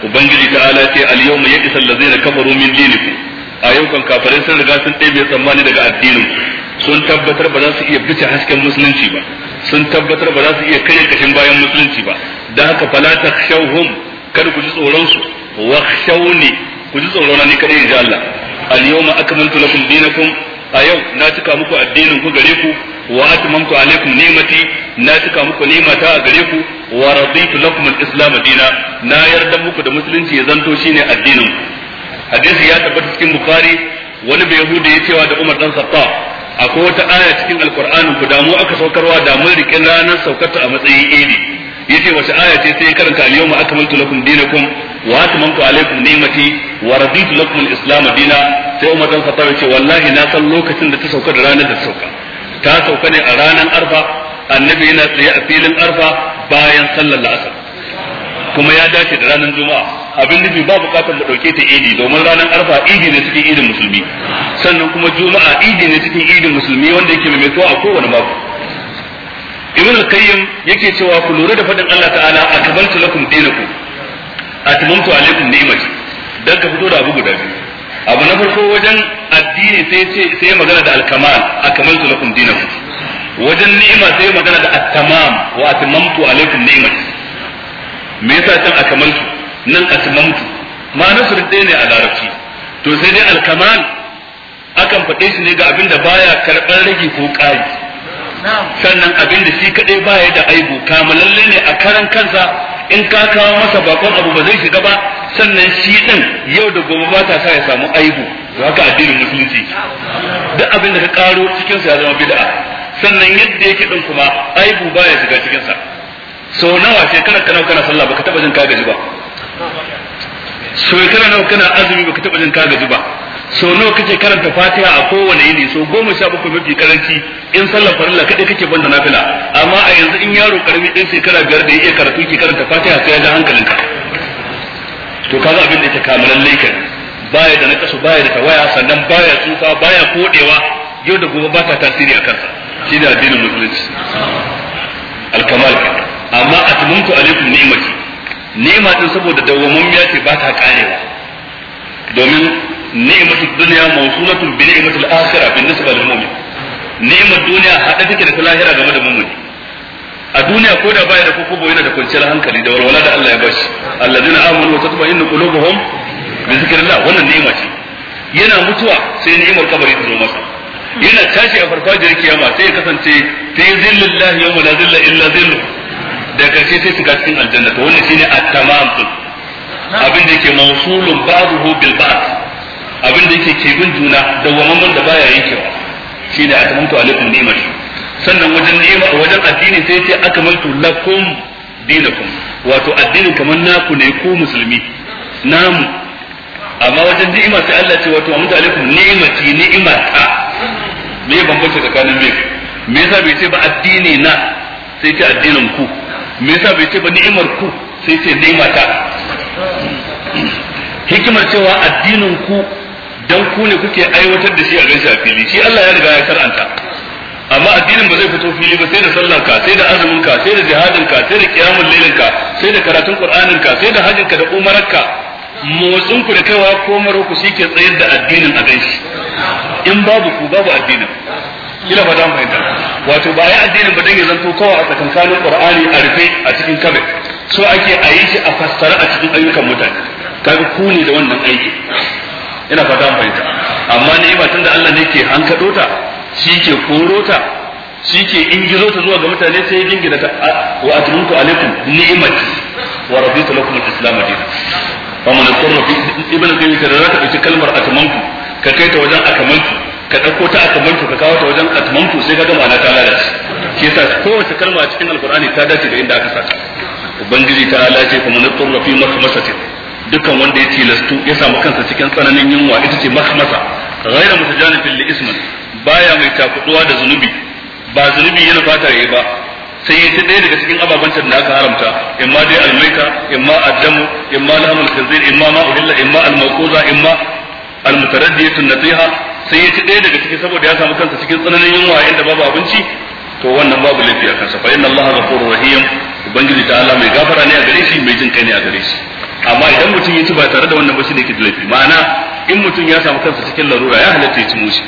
ubangiji ta'ala ce al yawma yaqisa allazina kafaru min dinikum a yau kan kafirai sun riga sun ɗebe tsammani daga addinin sun tabbatar ba za su iya bice hasken musulunci ba sun tabbatar ba za su iya kare kashin bayan musulunci ba da haka fala takhshawhum kada ku ji tsoron su wa khshawni ku ji tsoron ni kada ji Allah al yawma akmaltu lakum dinakum a yau na cika muku addinin ku gare ku wa atmamtu alaikum ni'mati na cika muku ni'mata a gare ku wa raditu lakum al-islam dina na yarda muku da musulunci ya zanto shine addinin ku hadisi ya tabbata cikin bukhari wani bai yahuda ya cewa da umar dan safa akwai wata aya cikin alkur'ani ku damu aka saukarwa da mun rike ranar saukarta a matsayin idi yace wace aya ce sai karanta al-yawma akmaltu lakum dinakum wa atmamtu alaykum ni'mati wa raditu lakum al-islam dina sai umar dan safa yace wallahi na san lokacin da ta sauka da ranar da sauka ta sauka ne a ranar arfa annabi yana tsaye a filin arfa bayan sallar la'asar kuma ya dace da ranar juma'a abin nufi ba bukatar mu dauke ta idi domin ranar arfa idi ne cikin idin musulmi sannan kuma juma'a idi ne cikin idin musulmi wanda yake maimaituwa a kowane mako ibn al-qayyim yake cewa ku lura da fadin Allah ta'ala akmaltu lakum dinakum atmamtu alaykum ni'mati dan ka fito da abu guda biyu abu na farko wajen addini sai ce sai magana da al-kamal akmaltu lakum dinakum wajen ni'ima sai magana da at-tamam wa atmamtu alaykum ni'mati me yasa can akmaltu nan atmamtu ma nasr dai ne a larabci to sai dai alkamal akan faɗe shi ne ga abin da baya karɓar rage ko ƙari sannan abin da shi kaɗai baya da aibu kamalalle ne a karan kansa in ka kawo masa bakon abu ba zai shiga ba sannan shi ɗin yau da gobe ba ta sa ya samu aibu Za haka addinin musulunci duk abin da ka karo cikinsa ya zama bid'a sannan yadda yake ɗin kuma aibu baya shiga cikinsa sau nawa shekarar kana kana sallah baka taɓa jin ka gaji ba so kana nawa kana azumi baka taba jin ka gaji ba so nawa kace karanta fatiha a kowane yini so goma sha bakwai mafi karanci in sallar farilla kadai kake banda nafila amma a yanzu in yaro karami din shekara biyar da ya iya karatu ki karanta fatiha sai ya ji hankalinka to kaga abin da yake kamalalle baya da nakasu baya da tawaya sannan baya tsufa baya kodewa yau da gobe ba ta tasiri a kansa shi ne addinin musulunci alkamal amma atmamtu alaikum ni'mati ni'ima din saboda ya ce ba ta karewa domin ni'imatul dunya mawsulatun bi ni'imatul akhirah bin nisba lil mu'min ni'imar duniya hada take da lahira game da mu'mini a duniya ko da baya da kokobo yana da kwanciyar hankali da walwala da Allah ya bashi allazina amanu wa tatma'innu qulubuhum bi zikrillah wannan ni'ima ce yana mutuwa sai ni'imar kabari ta zo masa yana tashi a farfajiyar kiyama sai ya kasance fi zillillahi yawma la zilla illa zilluhu da karshe sai su cikin aljanna to wannan shine at-tamam abin da yake mawsulun ba'dahu bil ba'd abin da yake kebin juna da wamman da baya yankewa shine atamamtu alaikum ni'mat sannan wajen ni'ima wajen addini sai ce akmaltu lakum dinakum wato addini kamar naku ne ku musulmi namu amma wajen ni'ima sai Allah ce wato amta alaikum ni'mati ni'imata me bambanta tsakanin me me yasa bai ce ba addini na sai ce addinin ku me yasa bai ce ba ni'imar ku sai ce ni'ima ta hikimar cewa addinin ku dan ku ne kuke aiwatar da shi a gaisa fili shi Allah ya riga ya karanta amma addinin ba zai fito fili ba sai da sallar ka sai da azumin ka sai da jihadin ka sai da qiyamul lailin ka sai da karatun qur'anin ka sai da hajjin ka da umarar ka motsin ku da kaiwa komar ku shike tsayar da addinin a gaisa in babu ku babu addinin kila fa dan fahimta wato ba ya addinin ba dangin zanto kawai a tsakankanin qur'ani a rufe a cikin kabe so ake a yi shi a fassara a cikin ayyukan mutane kaga ku ne da wannan aiki ina fata an fahimta amma ni ba tunda Allah ne ke an kado ta shi ke koro ta shi ke ingizo ta zuwa ga mutane sai ya dingina ta wa atrunku alaikum ni'mati wa raditu lakum al-islam dinan fa man qurra fi ibn qayyim da za ta kalmar atmamtu ka kai ta wajen akamanku ka ɗauko ta akamantu ka kawo ta wajen atmantu sai ka gama na ta lalace shi yasa kowace kalma a cikin alkur'ani ta dace da inda aka saka ubangiji ta lalace kuma na tsurra fi masmasatin dukkan wanda ya tilastu ya samu kansa cikin tsananin yunwa ita ce masmasa ghaira mutajanifin li ismin baya mai takuduwa da zunubi ba zunubi yana fata yayi ba sai ya ta ɗaya daga cikin ababen da aka haramta imma dai almaita imma addamu imma lahmul khinzir In ma In uhilla imma almawquza imma المتردية النطيحة sai ya ci ɗaya daga ciki saboda ya samu kansa cikin tsananin yunwa inda babu abinci to wannan babu laifi a kansa fa inna allaha ghafurur rahim ubangiji ta Allah mai gafara ne a gare shi mai jin kai ne a gare shi amma idan mutum ya ci ba tare da wannan ba shi ne ke laifi ma'ana in mutum ya samu kansa cikin larura ya halatta ya ci mushi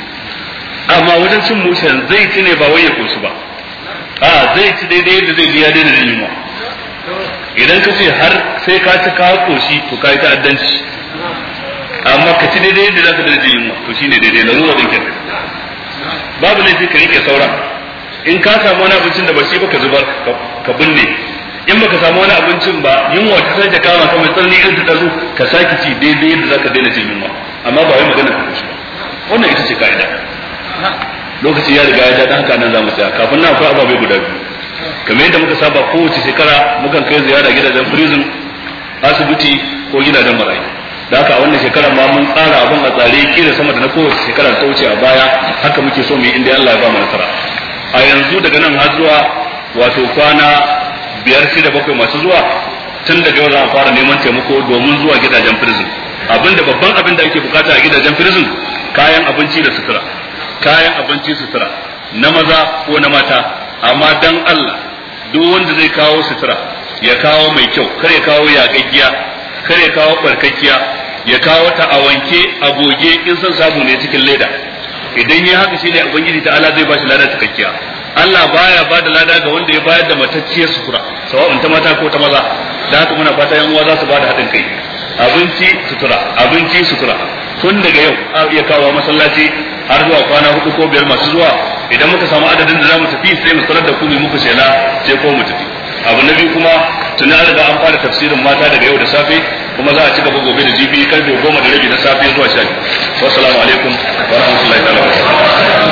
amma wajen cin mushen zai ci ne ba wai ya koshi ba a zai ci daidai yadda zai biya daidai da yunwa idan ka ce har sai ka ci ka koshi to ka yi ta'addanci amma ka ci daidai yadda za ka daidai yunwa to ne daidai na ruwa din kenan babu laifi ka rike sauran in ka samu wani abincin da ba shi ba ka zubar ka binne in ka samu wani abincin ba yunwa ta sake kama ka mai tsanani irin ta zo ka sake ci daidai yadda za ka daina jin yunwa amma ba wai magana ka kusa wannan ita ce ka'ida lokaci ya riga ya ja dan haka nan mu tsaya kafin nan akwai ababai guda biyu kamar yadda muka saba kowace shekara mukan kai ziyara gidajen prison asibiti ko gidajen marayu da haka wannan shekarar ma mun tsara abin a tsare kira sama da na kowace shekara ta wuce a baya haka muke so mu yi inda Allah ya ba mu nasara a yanzu daga nan har zuwa wato kwana biyar shida bakwai masu zuwa tun daga yau za a fara neman taimako domin zuwa gidajen prison da babban abin da ake bukata a gidajen prison kayan abinci da sutura kayan abinci sutura na maza ko na mata amma dan Allah duk wanda zai kawo sutura ya kawo mai kyau kar ya kawo yagaggiya kar ya kawo barkakkiya ya kawo ta a wanke a goge in san samu ne cikin leda idan ya haka shine ubangiji ta ala zai bashi lada cikakkiya Allah baya ba da lada ga wanda ya bayar da matacciyar sukura sawa'un ta mata ko ta maza da haka muna fata yan uwa za su ba da haɗin kai abinci sutura abinci sutura tun daga yau a iya kawo masallaci har zuwa kwana hudu ko biyar masu zuwa idan muka samu adadin da za mu tafi sai mu sanar da ku mu muku shela sai ko mu tafi abu na biyu kuma tuni an riga an fara tafsirin mata daga yau da safe kuma za a ci gaba gobe da jibi karfe goma da rabi na safe zuwa sha biyu wassalamu alaikum wa rahmatullahi ta'ala